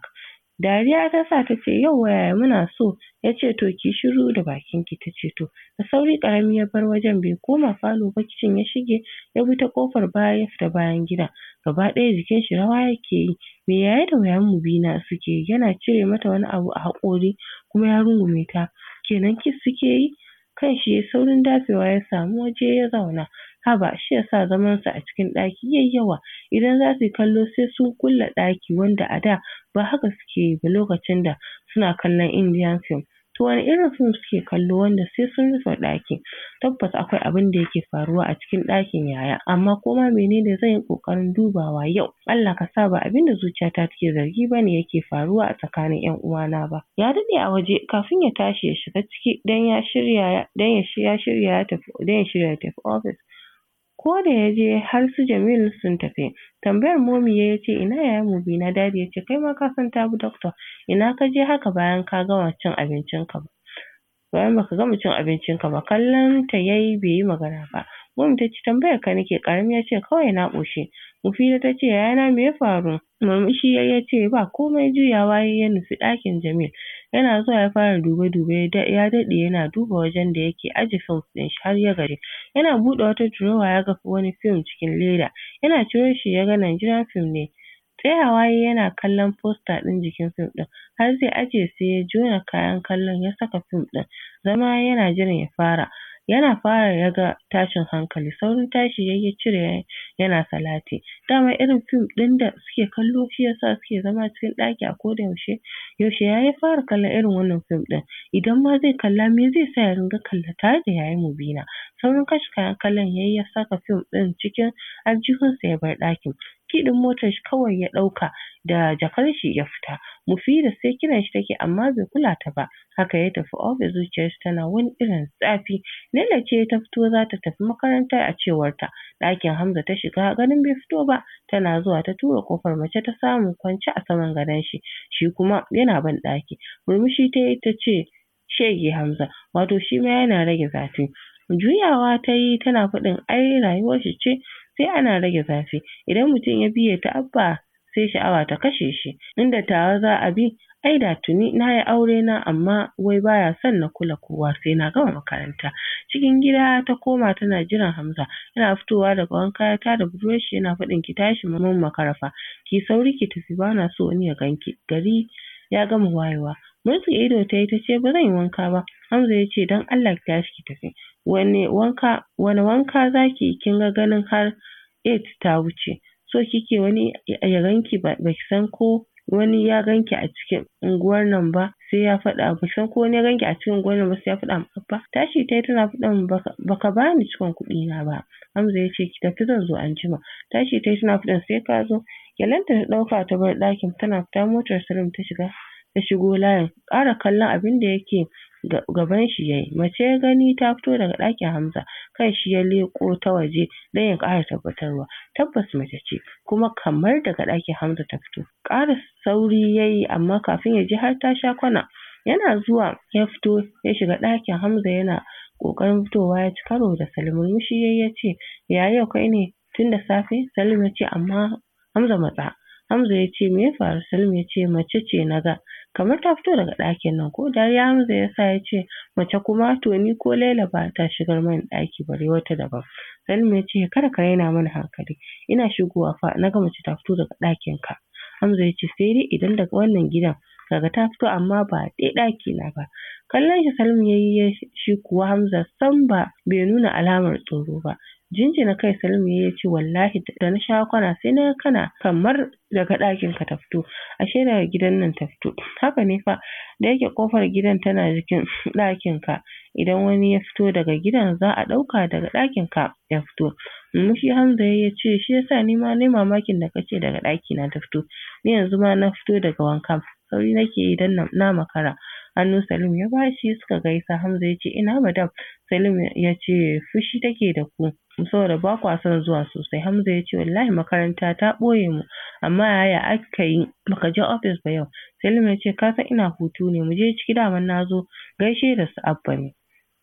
Dariya ta sa ta ce yauwa yaya muna so, ya ce to ki shiru da bakin ki, ta ce to. Da sauri ƙarami ya bar wajen bai koma falo ba kicin ya shige ya bi ta ƙofar baya ya fita bayan gida. Gaba ɗaya jikin shi rawa yake yi. Me yaya da mu wayan biyu na, suke Yana cire mata wani abu a haƙori kuma ya rungume ta. Kenan kiss suke yi? Kan shi yayi saurin dafewa ya samu waje ya zauna. haba shi yasa zaman su a cikin ɗaki yayi yawa idan za su kallo sai sun kulle ɗaki wanda a da ba haka suke yi ba lokacin da suna kallon Indian film to wani irin film suke kallo wanda sai sun rufe ɗaki tabbas akwai abin da yake faruwa a cikin ɗakin yaya amma koma menene zan yi ƙoƙarin dubawa yau Allah ka sa ba abinda da zuciyata take zargi bane yake faruwa a tsakanin ƴan uwana ba ya daɗe a waje kafin ya tashi ya shiga ciki dan ya shirya dan ya shirya ya tafi dan ya shirya ya tafi office ko da ya je har su Jamilu sun tafi. Tambayar momi ya ce ina yayan na? dadi ya ce kai ma ka san ta bi doctor ina ka je haka bayan ka gama cin abincin ka ba. Bayan baka gama cin abincin ka ba kallon ta yayi bai yi magana ba. Momi ta ce tambayar ka nake karami ya ce kawai na ƙoshi. Mufida ta ce yayana me ya faru? Murmushi ya ce ba komai juyawa ya nufi ɗakin Jamil. Yana zuwa ya fara dube-dube ya daɗe yana duba wajen da yake aje fim ɗin shi har ya gaji. Yana buɗe wata durowa ya ga wani fim cikin leda. Yana ciro shi ya ga Nigerian film ne. Tsayawa yana kallon posta ɗin jikin fim ɗin har sai aje sai ya jona kayan kallon ya saka fim ɗin. Zama yana jiran ya fara. yana fara ya tashin hankali saurin tashi yayi ya cire yana salati dama irin fim ɗin da suke kallo shiyasa suke zama cikin ɗaki a koda yaushe yaushe yayi fara kallon irin wannan fim ɗin idan ma zai kalla me zai sa ya ringa kalla tare da mu Mubina saurin kashe kayan kallon yayi ya saka fim ɗin cikin aljihunsa ya bar ɗakin kiɗin motar shi kawai ya ɗauka da jakar shi ya fita. Mufida sai kiran shi take amma bai kula ta ba. Haka ya tafi ofis zuciyar shi tana wani irin zafi. Lalle ce ta fito za ta tafi makaranta a cewar ta. Ɗakin Hamza ta shiga ganin bai fito ba. Tana zuwa ta tura kofar mace ta samu kwance a saman gadon shi. Shi kuma yana ban ɗaki. Murmushi ta yi ta ce shege Hamza wato shi ma yana rage zafi. Juyawa ta yi tana faɗin ai rayuwar shi ce sai ana rage zafi idan mutum ya biya ta abba sai sha'awa ta kashe shi inda tawa za a bi ai da tuni na yi aure na amma wai baya son na kula kowa sai na gama makaranta cikin gida ta koma tana jiran Hamza yana fitowa daga wanka ya tada budurwarshi yana faɗin ki tashi maman makarafa ki sauri ki tafi bana so wani ya ganki gari ya gama wayewa murtsi ido ta yi ta ce ba zan yi wanka ba Hamza ya ce don Allah ki tashi ki tafi wane wanka wane wanka zaki kin ga ganin har eight ta wuce so kike wani ya ganki ba baki san ko wani ya ganki a cikin unguwar nan ba sai ya faɗa baki san ko wani ya ganki a cikin unguwar nan ba sai ya faɗa maka ba tashi tayi tana faɗa min baka bani cikon kuɗi na ba Hamza ya ce ki tafi zan zo anjima tashi tayi tana faɗin sai ka zo Yalanta ta ɗauka ta bar ɗakin tana fita motar Salim ta shiga ta shigo layin ƙara kallon abinda yake gaban shi yayi mace ya gani ta fito daga ɗakin Hamza kan shi ya leƙo ta waje don ya ƙara tabbatarwa tabbas mace ce kuma kamar daga ɗakin Hamza ta fito ƙara sauri yayi amma kafin ya je har ta sha kwana yana zuwa ya fito ya shiga ɗakin Hamza yana ƙoƙarin fitowa ya ci karo da Salim murmushi yayi ya ce ya yau kai ne tun da safe Salim ya ce amma Hamza matsa Hamza ya ce me ya faru Salim ya ce mace ce na ga kamar ta fito daga ɗakin nan ko ya Hamza ya sa ya ce mace kuma to ni ko Laila ba ta shigar mani ɗaki bare wata daban. salma ya ce kada ka raina mana hankali ina shigowa fa na ga mace ta fito daga ɗakin ka. Hamza ya ce sai dai idan daga wannan gidan kaga ta fito amma ba ɗaya ɗaki na ba. Kallon shi salma ya yi shi kuwa Hamza sam ba bai nuna alamar tsoro ba. Jinjina kai Salim ya ce wallahi da na sha kwana sai na kana kamar daga ɗakin ka ta fito ashe daga gidan nan ta fito haka ne fa da yake kofar gidan tana jikin ɗakin ka idan wani ya fito daga gidan za a ɗauka daga ɗakin ka ya fito murmushi Hamza ya ce shi yasa ni ma nayi mamakin da kace daga ɗaki na ta fito ni yanzu ma na fito daga wanka sauri nake yi dan na makara hannu Salim ya bashi suka gaisa Hamza yace ina madam Salim yace fushi take da ku saboda ba kwa son zuwa sosai Hamza yace wallahi makaranta ta ɓoye mu amma yaya aka yi baka je ofis ba yau Salim ya ce san ina hutu ne mu je ciki daman na zo gaishe da su Abba ne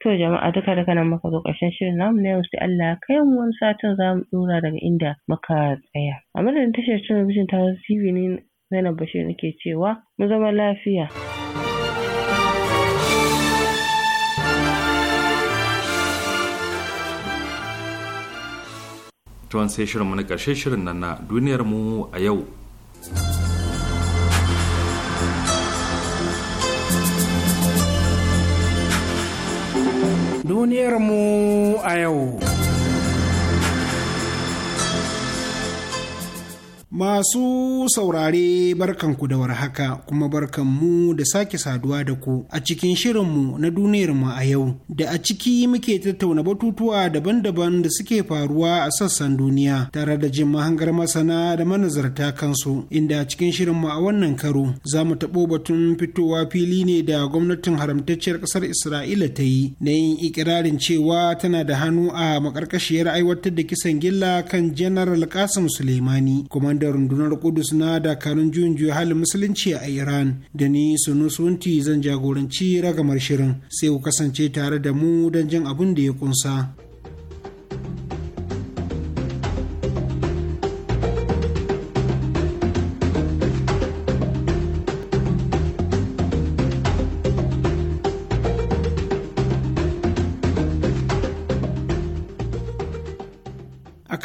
to jama'a duka duka nan muka zo ƙarshen shirin namu na yau sai Allah ya kai mu wani satin za mu ɗora daga inda muka tsaya a madadin tashar talabijin ta TV ne Zainab Bashir nake cewa mu zama lafiya. tuwan sai shirinmu na ƙarshe shirin nan na duniyar mu a yau duniyar mu a yau Masu saurare barkanku da warhaka kuma barkanmu da sake saduwa da ku a cikin shirinmu na duniyarmu a yau da a ciki muke tattauna batutuwa daban-daban da suke faruwa a sassan duniya tare da jin mahangar masana da manazarta kansu inda a cikin shirinmu a wannan karo za mu taɓo batun fitowa fili ne da gwamnatin haramtacciyar ƙasar Isra'ila ta yi na yin ikirarin cewa tana da hannu a makarkashiyar aiwatar da kisan gilla kan Janaral Kasim Suleimani, kwamandan da rundunar kudus na dakarun juyin juya halin musulunci a iran da ni sunusunti zan jagoranci ragamar shirin sai ku kasance tare da mu don jin abin da ya kunsa.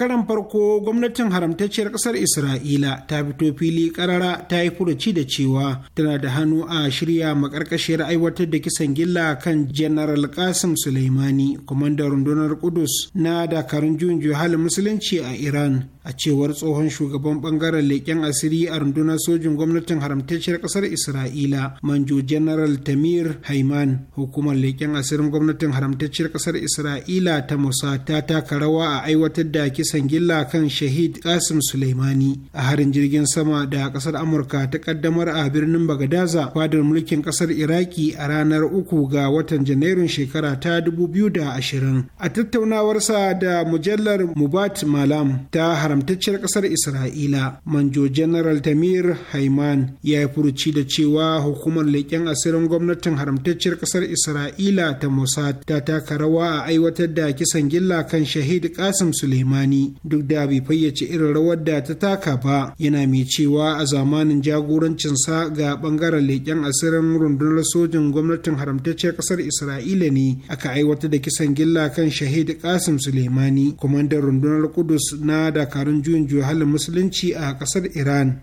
karan farko gwamnatin haramtacciyar kasar isra'ila ta fito fili karara ta yi furuci da cewa tana da hannu a shirya makarkashiyar aiwatar da kisan gilla kan general kasim suleimani kwamandan rundunar kudus na dakarun juyin juhalin musulunci a iran a cewar tsohon shugaban bangaren leƙen asiri a rundunar sojin gwamnatin haramtacciyar ƙasar isra'ila manjo general tamir haiman hukumar leƙen asirin gwamnatin haramtacciyar ƙasar isra'ila ta musa ta taka rawa a aiwatar da kisan gilla kan shahid kasim suleimani a harin jirgin sama da ƙasar amurka ta ƙaddamar a birnin bagadaza fadar mulkin ƙasar iraki a ranar uku ga watan janairun shekara ta dubu biyu da ashirin a tattaunawarsa da mujallar mubat malam ta haramtacciyar ƙasar isra'ila manjo general tamir haiman ya yi furuci da cewa hukumar leƙen asirin gwamnatin haramtacciyar ƙasar isra'ila ta mossad ta taka rawa a aiwatar da kisan gilla kan shahid kasim suleimani duk da bai fayyace irin rawar da ta taka ba yana mai cewa a zamanin jagorancinsa ga bangaren leƙen asirin rundunar sojin gwamnatin haramtacciyar ƙasar isra'ila ne aka aiwatar da kisan gilla kan shahid kasim suleimani kwamandan rundunar kudus na dakar dakarun juyin juya halin musulunci a ƙasar iran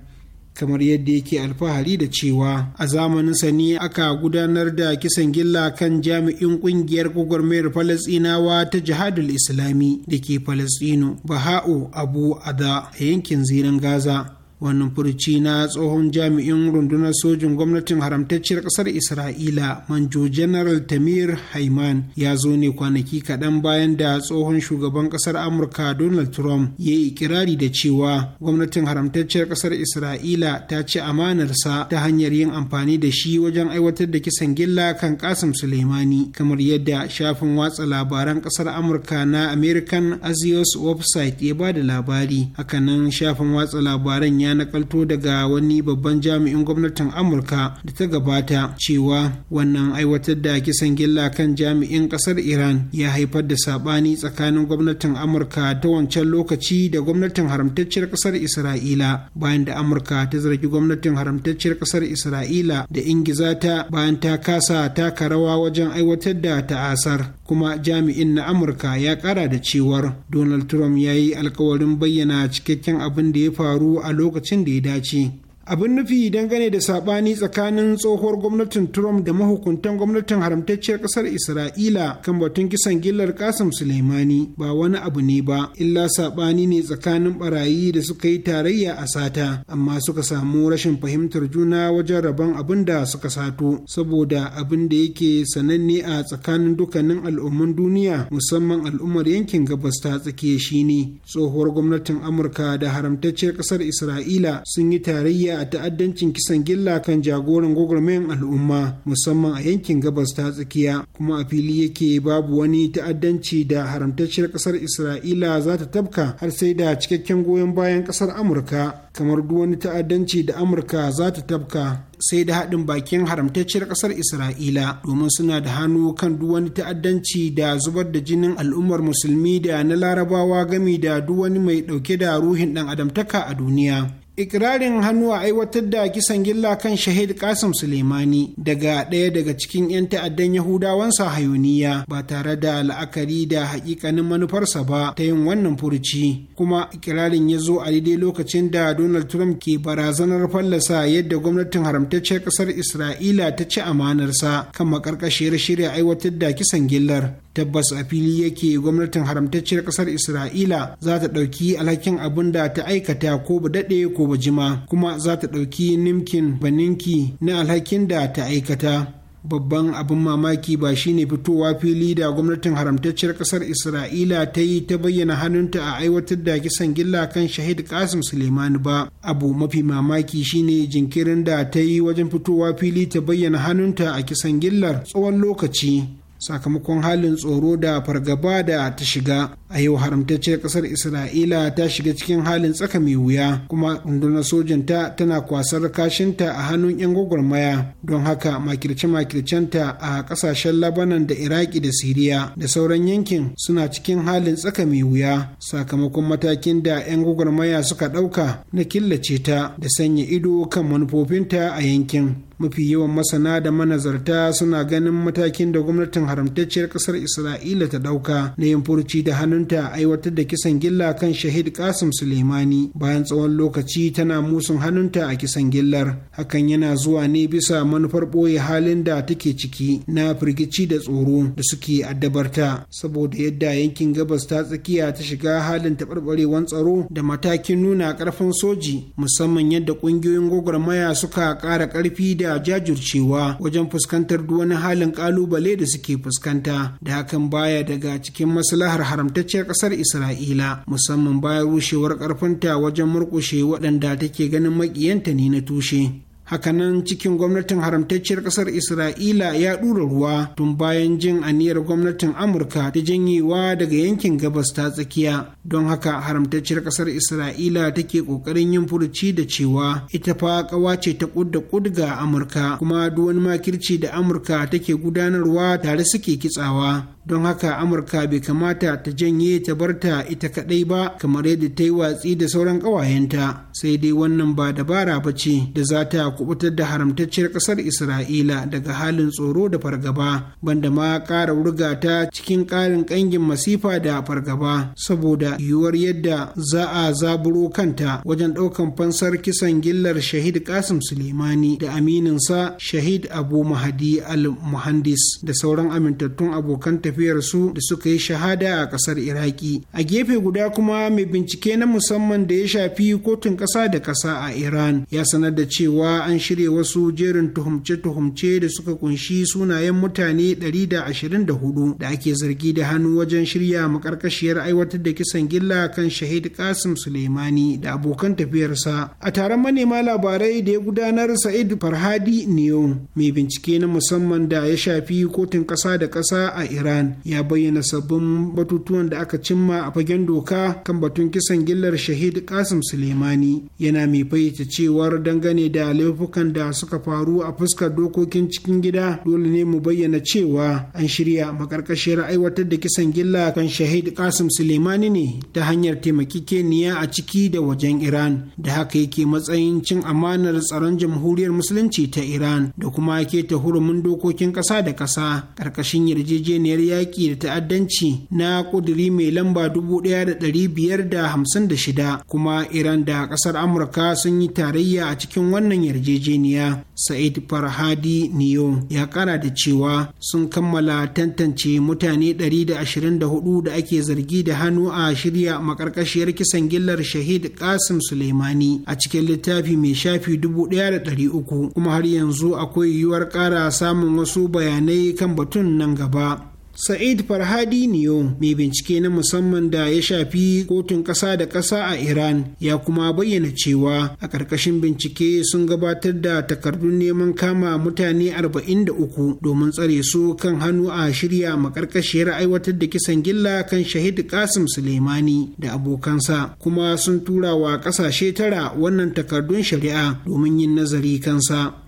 kamar yadda yake alfahari da cewa a zamanin sani aka gudanar da kisan gilla kan jami'in kungiyar gwagwarmayar falasinawa ta jihadul islami da ke falasino baha'u abu ada a yankin zirin gaza wannan furuci na tsohon jami'in rundunar sojin gwamnatin haramtacciyar ƙasar isra'ila manjo general tamir haiman ya zo ne kwanaki kaɗan bayan da tsohon shugaban ƙasar amurka donald trump ya yi ikirari da cewa gwamnatin haramtacciyar ƙasar isra'ila ta ci amanarsa ta hanyar yin amfani da shi wajen aiwatar da kisan gilla kan kasim suleimani kamar yadda shafin watsa labaran ƙasar amurka na american azios website ya ba da labari hakanan shafin watsa labaran ya ya nakalto daga wani babban jami'in gwamnatin amurka da ta gabata cewa wannan aiwatar da kisan gilla kan jami'in kasar iran ya haifar da saɓani tsakanin gwamnatin amurka ta wancan lokaci da gwamnatin haramtacciyar kasar isra'ila bayan da amurka ta zargi gwamnatin haramtacciyar kasar isra'ila da ingizata bayan ta kasa taka rawa wajen aiwatar da ta'asar kuma jami'in na amurka ya kara da cewar donald trump ya yi alkawarin bayyana cikakken abin da ya faru a lokacin da ya dace abin nufi dangane da sabani tsakanin tsohuwar gwamnatin trump da mahukuntan gwamnatin haramtacciyar kasar isra'ila kan batun kisan gillar kasim suleimani ba wani abu ne ba illa sabani ne tsakanin barayi da suka yi tarayya a sata amma suka samu rashin fahimtar juna wajen rabon abin da suka sato saboda abin da yake sananne a tsakanin dukkanin al'ummun duniya musamman al'ummar yankin gabas ta tsakiya shine tsohuwar gwamnatin amurka da haramtacciyar kasar isra'ila sun yi tarayya a ta'addancin kisan gilla kan jagoran gwagwarmayan al'umma musamman a yankin gabas ta tsakiya kuma a fili yake babu wani ta'addanci da haramtacciyar kasar isra'ila za ta tabka har sai da cikakken goyon bayan kasar amurka kamar duk wani ta'addanci da amurka za ta tabka sai da haɗin bakin haramtacciyar ƙasar isra'ila domin suna da hannu kan duk wani ta'addanci da zubar da jinin al'ummar musulmi da na larabawa gami da duk wani mai ɗauke da ruhin ɗan adamtaka a duniya ikirarin hannu a aiwatar da kisan gilla kan shahid kasim suleimani daga ɗaya daga cikin 'yan ta'addan yahudawan sahayoniya ba tare da la'akari da hakikanin manufarsa ba ta yin wannan furuci kuma ikirarin ya zo a daidai lokacin da donald trump ke barazanar fallasa yadda gwamnatin haramtacciyar ƙasar isra'ila ta ci amanarsa kan makarkashiyar shirya aiwatar da kisan gillar tabbas a fili yake gwamnatin haramtacciyar ƙasar isra'ila za ta ɗauki alhakin abin da ta aikata ko ba daɗe ko ba jima kuma za ta ɗauki nimkin baninki na alhakin da ta aikata babban abin mamaki ba shine fitowa fili da gwamnatin haramtacciyar ƙasar isra'ila ta yi ta bayyana hannunta a aiwatar da kisan gilla kan shahid kasim suleimani ba abu mafi mamaki shine jinkirin da ta yi wajen fitowa fili ta bayyana hannunta a kisan gillar tsawon lokaci sakamakon halin tsoro da fargaba da ta shiga a yau haramtacciyar kasar isra'ila ta shiga cikin halin tsaka mai wuya kuma rundunar sojanta tana kwasar kashinta a hannun yan gwagwarmaya don haka makirce-makircenta a kasashen labanan da iraki da siriya da sauran yankin suna cikin halin tsaka mai wuya sakamakon matakin da yan gwagwarmaya suka ɗauka na killace ta da sanya ido kan manufofinta a yankin mafi yawan masana da manazarta suna ganin matakin da gwamnatin haramtacciyar kasar isra'ila ta dauka na yin furci da hannunta aiwatar da kisan gilla kan shahid kasim suleimani bayan tsawon lokaci tana musun hannunta a kisan gillar hakan yana zuwa ne bisa manufar ɓoye halin da take ciki na firgici da tsoro da suke addabarta saboda yadda yankin gabas ta tsakiya ta shiga halin taɓarɓarewan tsaro da matakin nuna ƙarfin soji musamman yadda ƙungiyoyin gwagwarmaya suka ƙara ƙarfi da iya jajircewa wajen fuskantar duk wani halin kalubale da suke fuskanta da hakan baya daga cikin maslahar haramtacciyar kasar isra'ila musamman bayan rushewar karfinta wajen murkushe waɗanda take ganin makiyanta ne na tushe hakanan cikin gwamnatin haramtacciyar kasar isra'ila ya ɗura ruwa tun bayan jin aniyar gwamnatin amurka ta janyewa daga yankin gabas ta tsakiya don haka haramtacciyar kasar isra'ila take ƙoƙarin yin furuci da cewa ita fa ƙawa ce ta ƙudda ƙudga amurka kuma duk wani makirci da amurka take gudanarwa tare suke kitsawa don haka amurka bai kamata ta janye ta barta ita kaɗai ba kamar yadda ta yi watsi da sauran ƙawayenta sai dai wannan ba dabara ba ce da za ta kubutar da haramtacciyar ƙasar isra'ila daga halin tsoro da fargaba banda ma ƙara wurgata cikin ƙarin ƙangin masifa da fargaba saboda yiwuwar yadda za a zaburo kanta wajen ɗaukan fansar kisan gillar shahid kasim sulemani da amininsa shahid abu mahadi al-muhandis da sauran amintattun abokan tafiyarsu da suka yi shahada a ƙasar iraki a gefe guda kuma mai bincike na musamman da ya shafi kotun ƙasa da ƙasa a iran ya sanar da cewa an shirya wasu jerin tuhumce-tuhumce da suka kunshi sunayen mutane 124 da ake zargi da hannu wajen shirya makarkashiyar aiwatar da kisan gilla kan shahid kasim suleimani da abokan tafiyarsa a taron manema labarai da ya gudanar sa'id farhadi neon mai bincike na musamman da ya shafi kotun kasa da kasa a iran ya bayyana sabbin batutuwan da aka cimma a fagen doka kan batun kisan gillar shahid kasim suleimani yana mai fayyace cewar dangane da laifin laifukan da suka faru a fuskar dokokin cikin gida dole ne mu bayyana cewa an shirya makarkashiyar aiwatar da kisan gilla kan shahid kasim suleimani ne ta hanyar taimakekeniya a ciki da wajen iran da haka yake matsayin cin amanar tsaron jamhuriyar musulunci ta iran da kuma keta hurumin dokokin kasa da kasa ƙarƙashin yarjejeniyar yaƙi da ta'addanci na ƙuduri mai lamba dubu da da biyar hamsin shida kuma iran da ƙasar amurka sun yi tarayya a cikin wannan yarjejeniyar yarjejeniya sa'id farhadi niyo ya kara da cewa sun kammala tantance mutane 124 da ake zargi da hannu a shirya makarkashiyar kisan gillar shahid kasim suleimani a cikin littafi mai shafi 1300 kuma har yanzu akwai yiwuwar kara samun wasu bayanai kan batun nan gaba Sa'id Farhadi Niyo mai bincike na musamman da ya shafi kotun ƙasa da ƙasa a Iran ya kuma bayyana cewa a ƙarƙashin bincike sun gabatar da takardun neman kama mutane 43 domin tsare su kan hannu a shirya maƙarƙashiyar aiwatar da kisan gilla kan shahid Kasim Suleimani da abokansa kuma sun tura wa ƙasashe tara wannan takardun shari'a domin yin nazari kansa.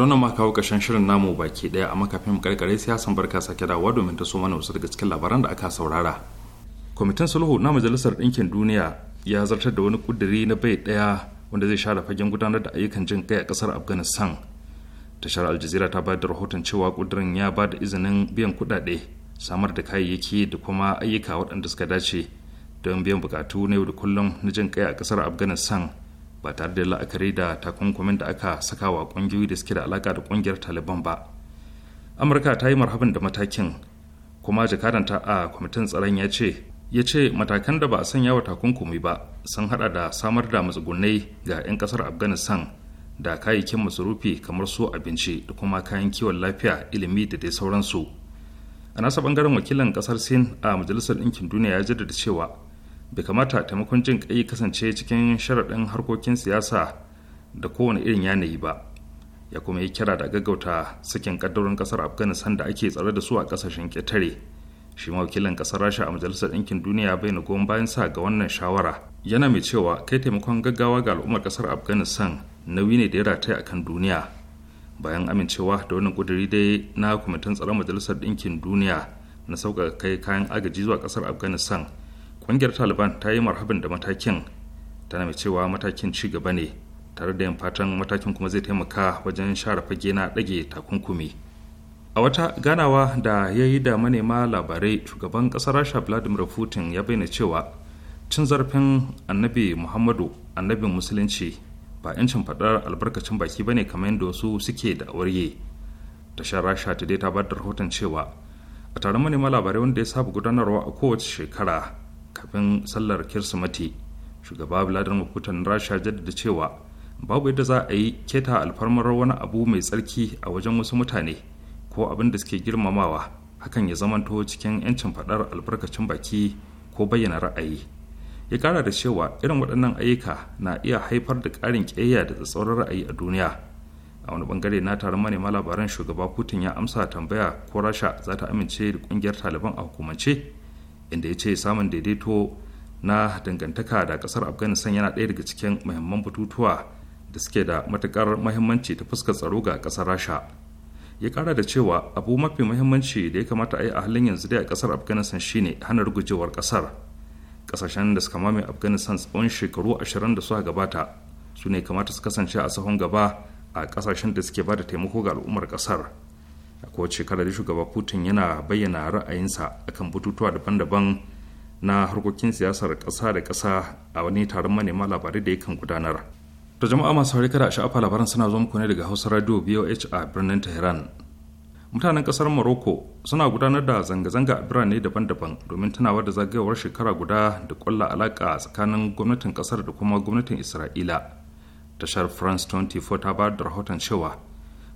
don ma kawo ƙarshen shirin namu baki ɗaya a makafin karkare siyasan barka sake dawowa domin ta so mana wasu daga cikin labaran da aka saurara kwamitin sulhu na majalisar ɗinkin duniya ya zartar da wani ƙudiri na bai ɗaya wanda zai share fagen gudanar da ayyukan jin kai a ƙasar afghanistan tashar aljazira ta bayar da rahoton cewa ƙudirin ya ba da izinin biyan kuɗaɗe samar da kayayyaki da kuma ayyuka waɗanda suka dace don biyan buƙatu na yau da kullum na jin kai a ƙasar afghanistan ba tare da la'akari da takunkumin da aka saka wa ƙungiyoyi da suke da alaka da kungiyar taliban ba amurka ta yi marhaban da matakin kuma jakadanta a kwamitin tsaron ya ce ya ce matakan da ba a sanya wa takunkumi ba sun hada da samar da matsugunai ga 'yan kasar afghanistan da kayayyakin masarufi kamar su abinci da kuma kayan kiwon lafiya ilimi da dai sauransu a nasa bangaren wakilin kasar sin a majalisar ɗinkin duniya ya jaddada cewa bai kamata taimakon jin kai kasance cikin sharaɗin harkokin siyasa da kowane irin yanayi ba ya kuma yi kira da gaggauta sakin kaddarin kasar afghanistan da ake tsare da su a kasashen ketare shi ma wakilan kasar rasha a majalisar ɗinkin duniya bai na goma bayan sa ga wannan shawara yana mai cewa kai taimakon gaggawa ga al'ummar kasar afghanistan nauyi ne da ya rataya a kan duniya bayan amincewa da wannan kuduri dai na kwamitin tsaron majalisar ɗinkin duniya na sauƙaƙa kai kayan agaji zuwa ƙasar afghanistan ƙungiyar taliban ta yi marhabin da matakin ta mai cewa matakin ci gaba ne tare da yin fatan matakin kuma zai taimaka wajen share fage na ɗage takunkumi a wata ganawa da ya yi da manema labarai shugaban ƙasar rasha vladimir putin ya bayyana cewa cin zarafin annabi muhammadu annabin musulunci ba 'yancin faɗar albarkacin baki ba ne kamar yadda wasu suke da aure tashar rasha dai ta bada rahoton cewa a taron manema labarai wanda ya saba gudanarwa a kowace shekara kafin sallar kirsimati shugaba vladimir putin rasha jaddada cewa babu yadda za a yi keta alfarmar wani abu mai tsarki a wajen wasu mutane ko abin da suke girmamawa hakan ya zamanto cikin 'yancin faɗar albarkacin baki ko bayyana ra'ayi ya kara da cewa irin waɗannan ayyuka na iya haifar da ƙarin ƙeya da tsatsauran ra'ayi a duniya a wani bangare na taron manema labaran shugaba putin ya amsa tambaya ko rasha za ta amince da ƙungiyar taliban a hukumance inda ya ce samun daidaito na dangantaka da kasar afghanistan yana ɗaya daga cikin muhimman batutuwa da suke da matukar mahimmanci ta fuskar tsaro ga kasar rasha ya kara da cewa abu mafi mahimmanci da ya kamata a yi a halin yanzu dai a kasar afghanistan shine hana rugujewar kasar kasashen da suka mame afghanistan tsawon shekaru ashirin da suka gabata su ne kamata su kasance a sahun gaba a kasashen da suke ba da taimako ga al'ummar kasar a kowace shekara da shugaba putin yana bayyana ra'ayinsa akan bututuwa daban-daban na harkokin siyasar ƙasa da ƙasa a wani taron manema labarai da yakan gudanar da jama'a masu kada da sha'afa labaran suna zo muku ne daga hausa radio boh a birnin tehran mutanen ƙasar morocco suna gudanar da zanga-zanga a birane daban-daban domin tunawa da zagayowar shekara guda da kwalla alaka tsakanin gwamnatin kasar da kuma gwamnatin isra'ila tashar france 24 ta bayar da rahoton cewa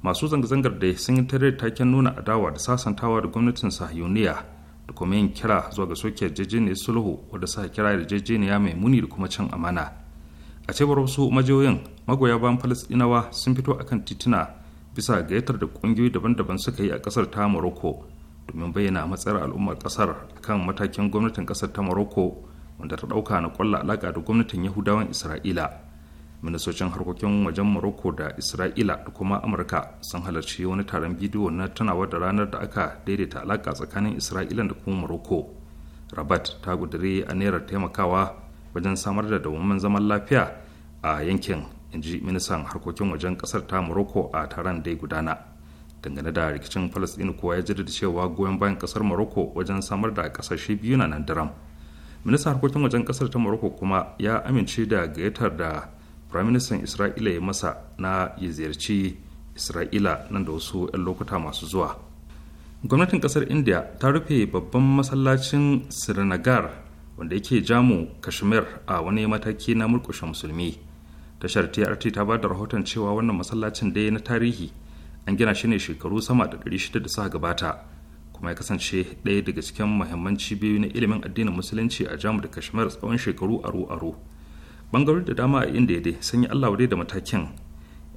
masu zanga-zangar da sun yi tare taken nuna adawa da sasantawa da gwamnatin sahiyoniya da kuma yin kira zuwa ga soke yarjejeniyar sulhu wadda sa kira yarjejeniya mai muni da kuma cin amana a cewar wasu majiyoyin magoya bayan falastinawa sun fito akan tituna bisa gayyatar da ƙungiyoyi daban-daban suka yi a ƙasar ta morocco domin bayyana matsayar al'ummar kasar kan matakin gwamnatin ƙasar ta morocco wanda ta ɗauka na kwalla alaka da gwamnatin yahudawan isra'ila ministocin harkokin wajen morocco da isra'ila da kuma amurka sun halarci wani taron bidiyo na tunawa da ranar da aka daidaita alaka tsakanin isra'ila da kuma morocco rabat ta a naira taimakawa wajen samar da dawamman zaman lafiya a yankin inji ministan harkokin wajen kasar ta morocco a taron da ya gudana dangane da rikicin palestine kuwa ya jaddada cewa goyon bayan kasar morocco wajen samar da kasashe biyu na nan daram ministan harkokin wajen kasar ta morocco kuma ya amince da gayyatar da firaministan isra'ila ya masa na ya ziyarci isra'ila nan da wasu 'yan lokuta masu zuwa gwamnatin kasar india ta rufe babban masallacin srinagar wanda yake jamu kashmir a wani mataki na murkushe musulmi tashar trt ta ba da rahoton cewa wannan masallacin dai na tarihi an gina shi ne shekaru sama da 600 da suka gabata kuma ya kasance ɗaya daga cikin mahimmanci biyu na ilimin addinin musulunci a jamu da kashmir tsawon shekaru aru-aru. bangarori da dama a inda dai sun yi allah da matakin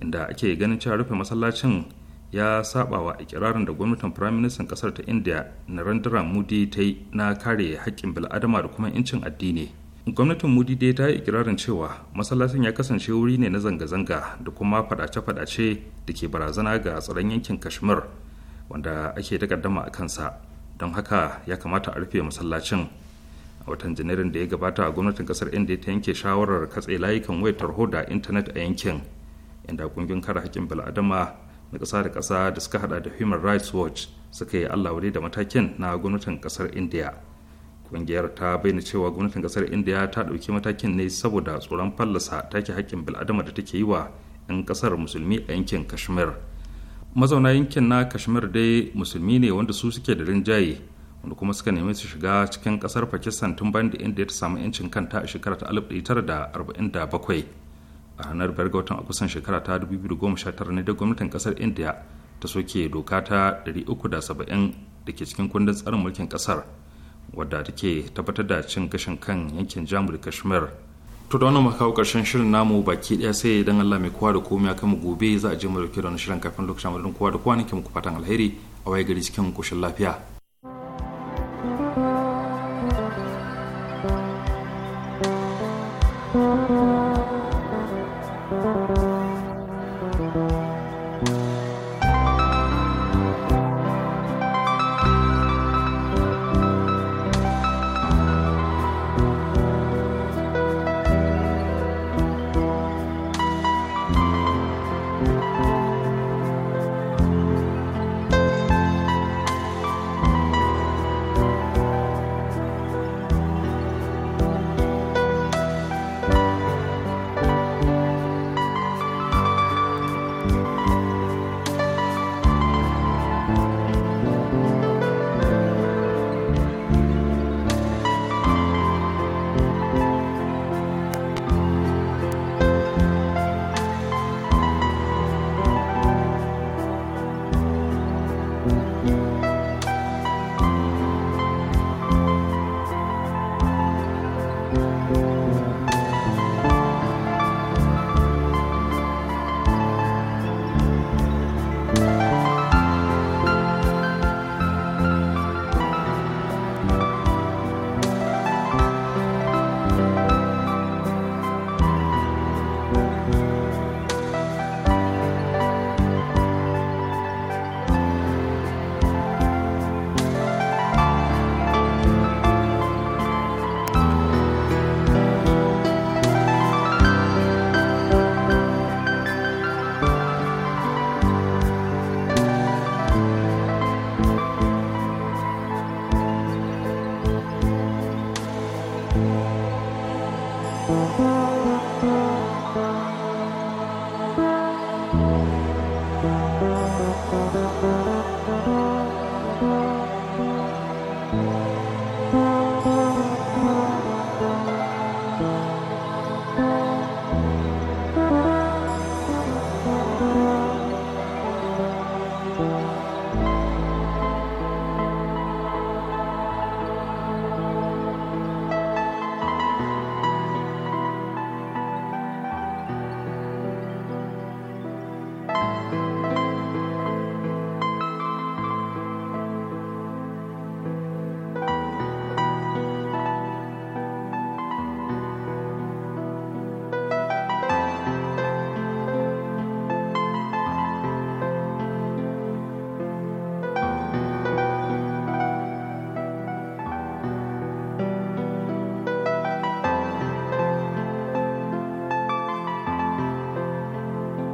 inda ake ganin cewa rufe masallacin ya saba wa ikirarin da gwamnatin firaministan kasar ta india narendra modi ta yi na kare haƙƙin bil'adama da kuma 'yancin addini gwamnatin modi dai ta yi ikirarin cewa masallacin ya kasance wuri ne na zanga-zanga da kuma fadace-fadace da ke barazana ga tsaron yankin kashmir wanda ake takaddama a kansa don haka ya kamata a rufe masallacin a watan janairun da ya gabata a gwamnatin kasar inda ta yanke shawarar katse layukan wayar tarho da intanet a yankin inda kungiyoyin kare hakkin bil'adama na ƙasa da ƙasa da suka hada da human rights watch suka yi allah da matakin na gwamnatin kasar india kungiyar ta bayyana cewa gwamnatin kasar india ta ɗauki matakin ne saboda tsoron fallasa take hakkin bil'adama da take yi wa 'yan kasar musulmi a yankin kashmir mazauna yankin na kashmir dai musulmi ne wanda su suke da rinjaye wanda kuma suka nemi su shiga cikin kasar pakistan tun bayan da inda ta samu yancin kanta a shekara ta 1947 a ranar biyar ga watan agusan shekara ta 2019 ne da gwamnatin kasar india ta soke doka ta 370 da ke cikin kundin tsarin mulkin kasar wadda take tabbatar da cin gashin kan yankin jamhur kashmir to da wannan muka kawo karshen shirin namu baki daya sai idan Allah mai kowa da komai kan gobe za a je mu dauke da wani shirin kafin lokacin mu kowa da kowa nake muku fatan alheri a waye gari cikin koshin lafiya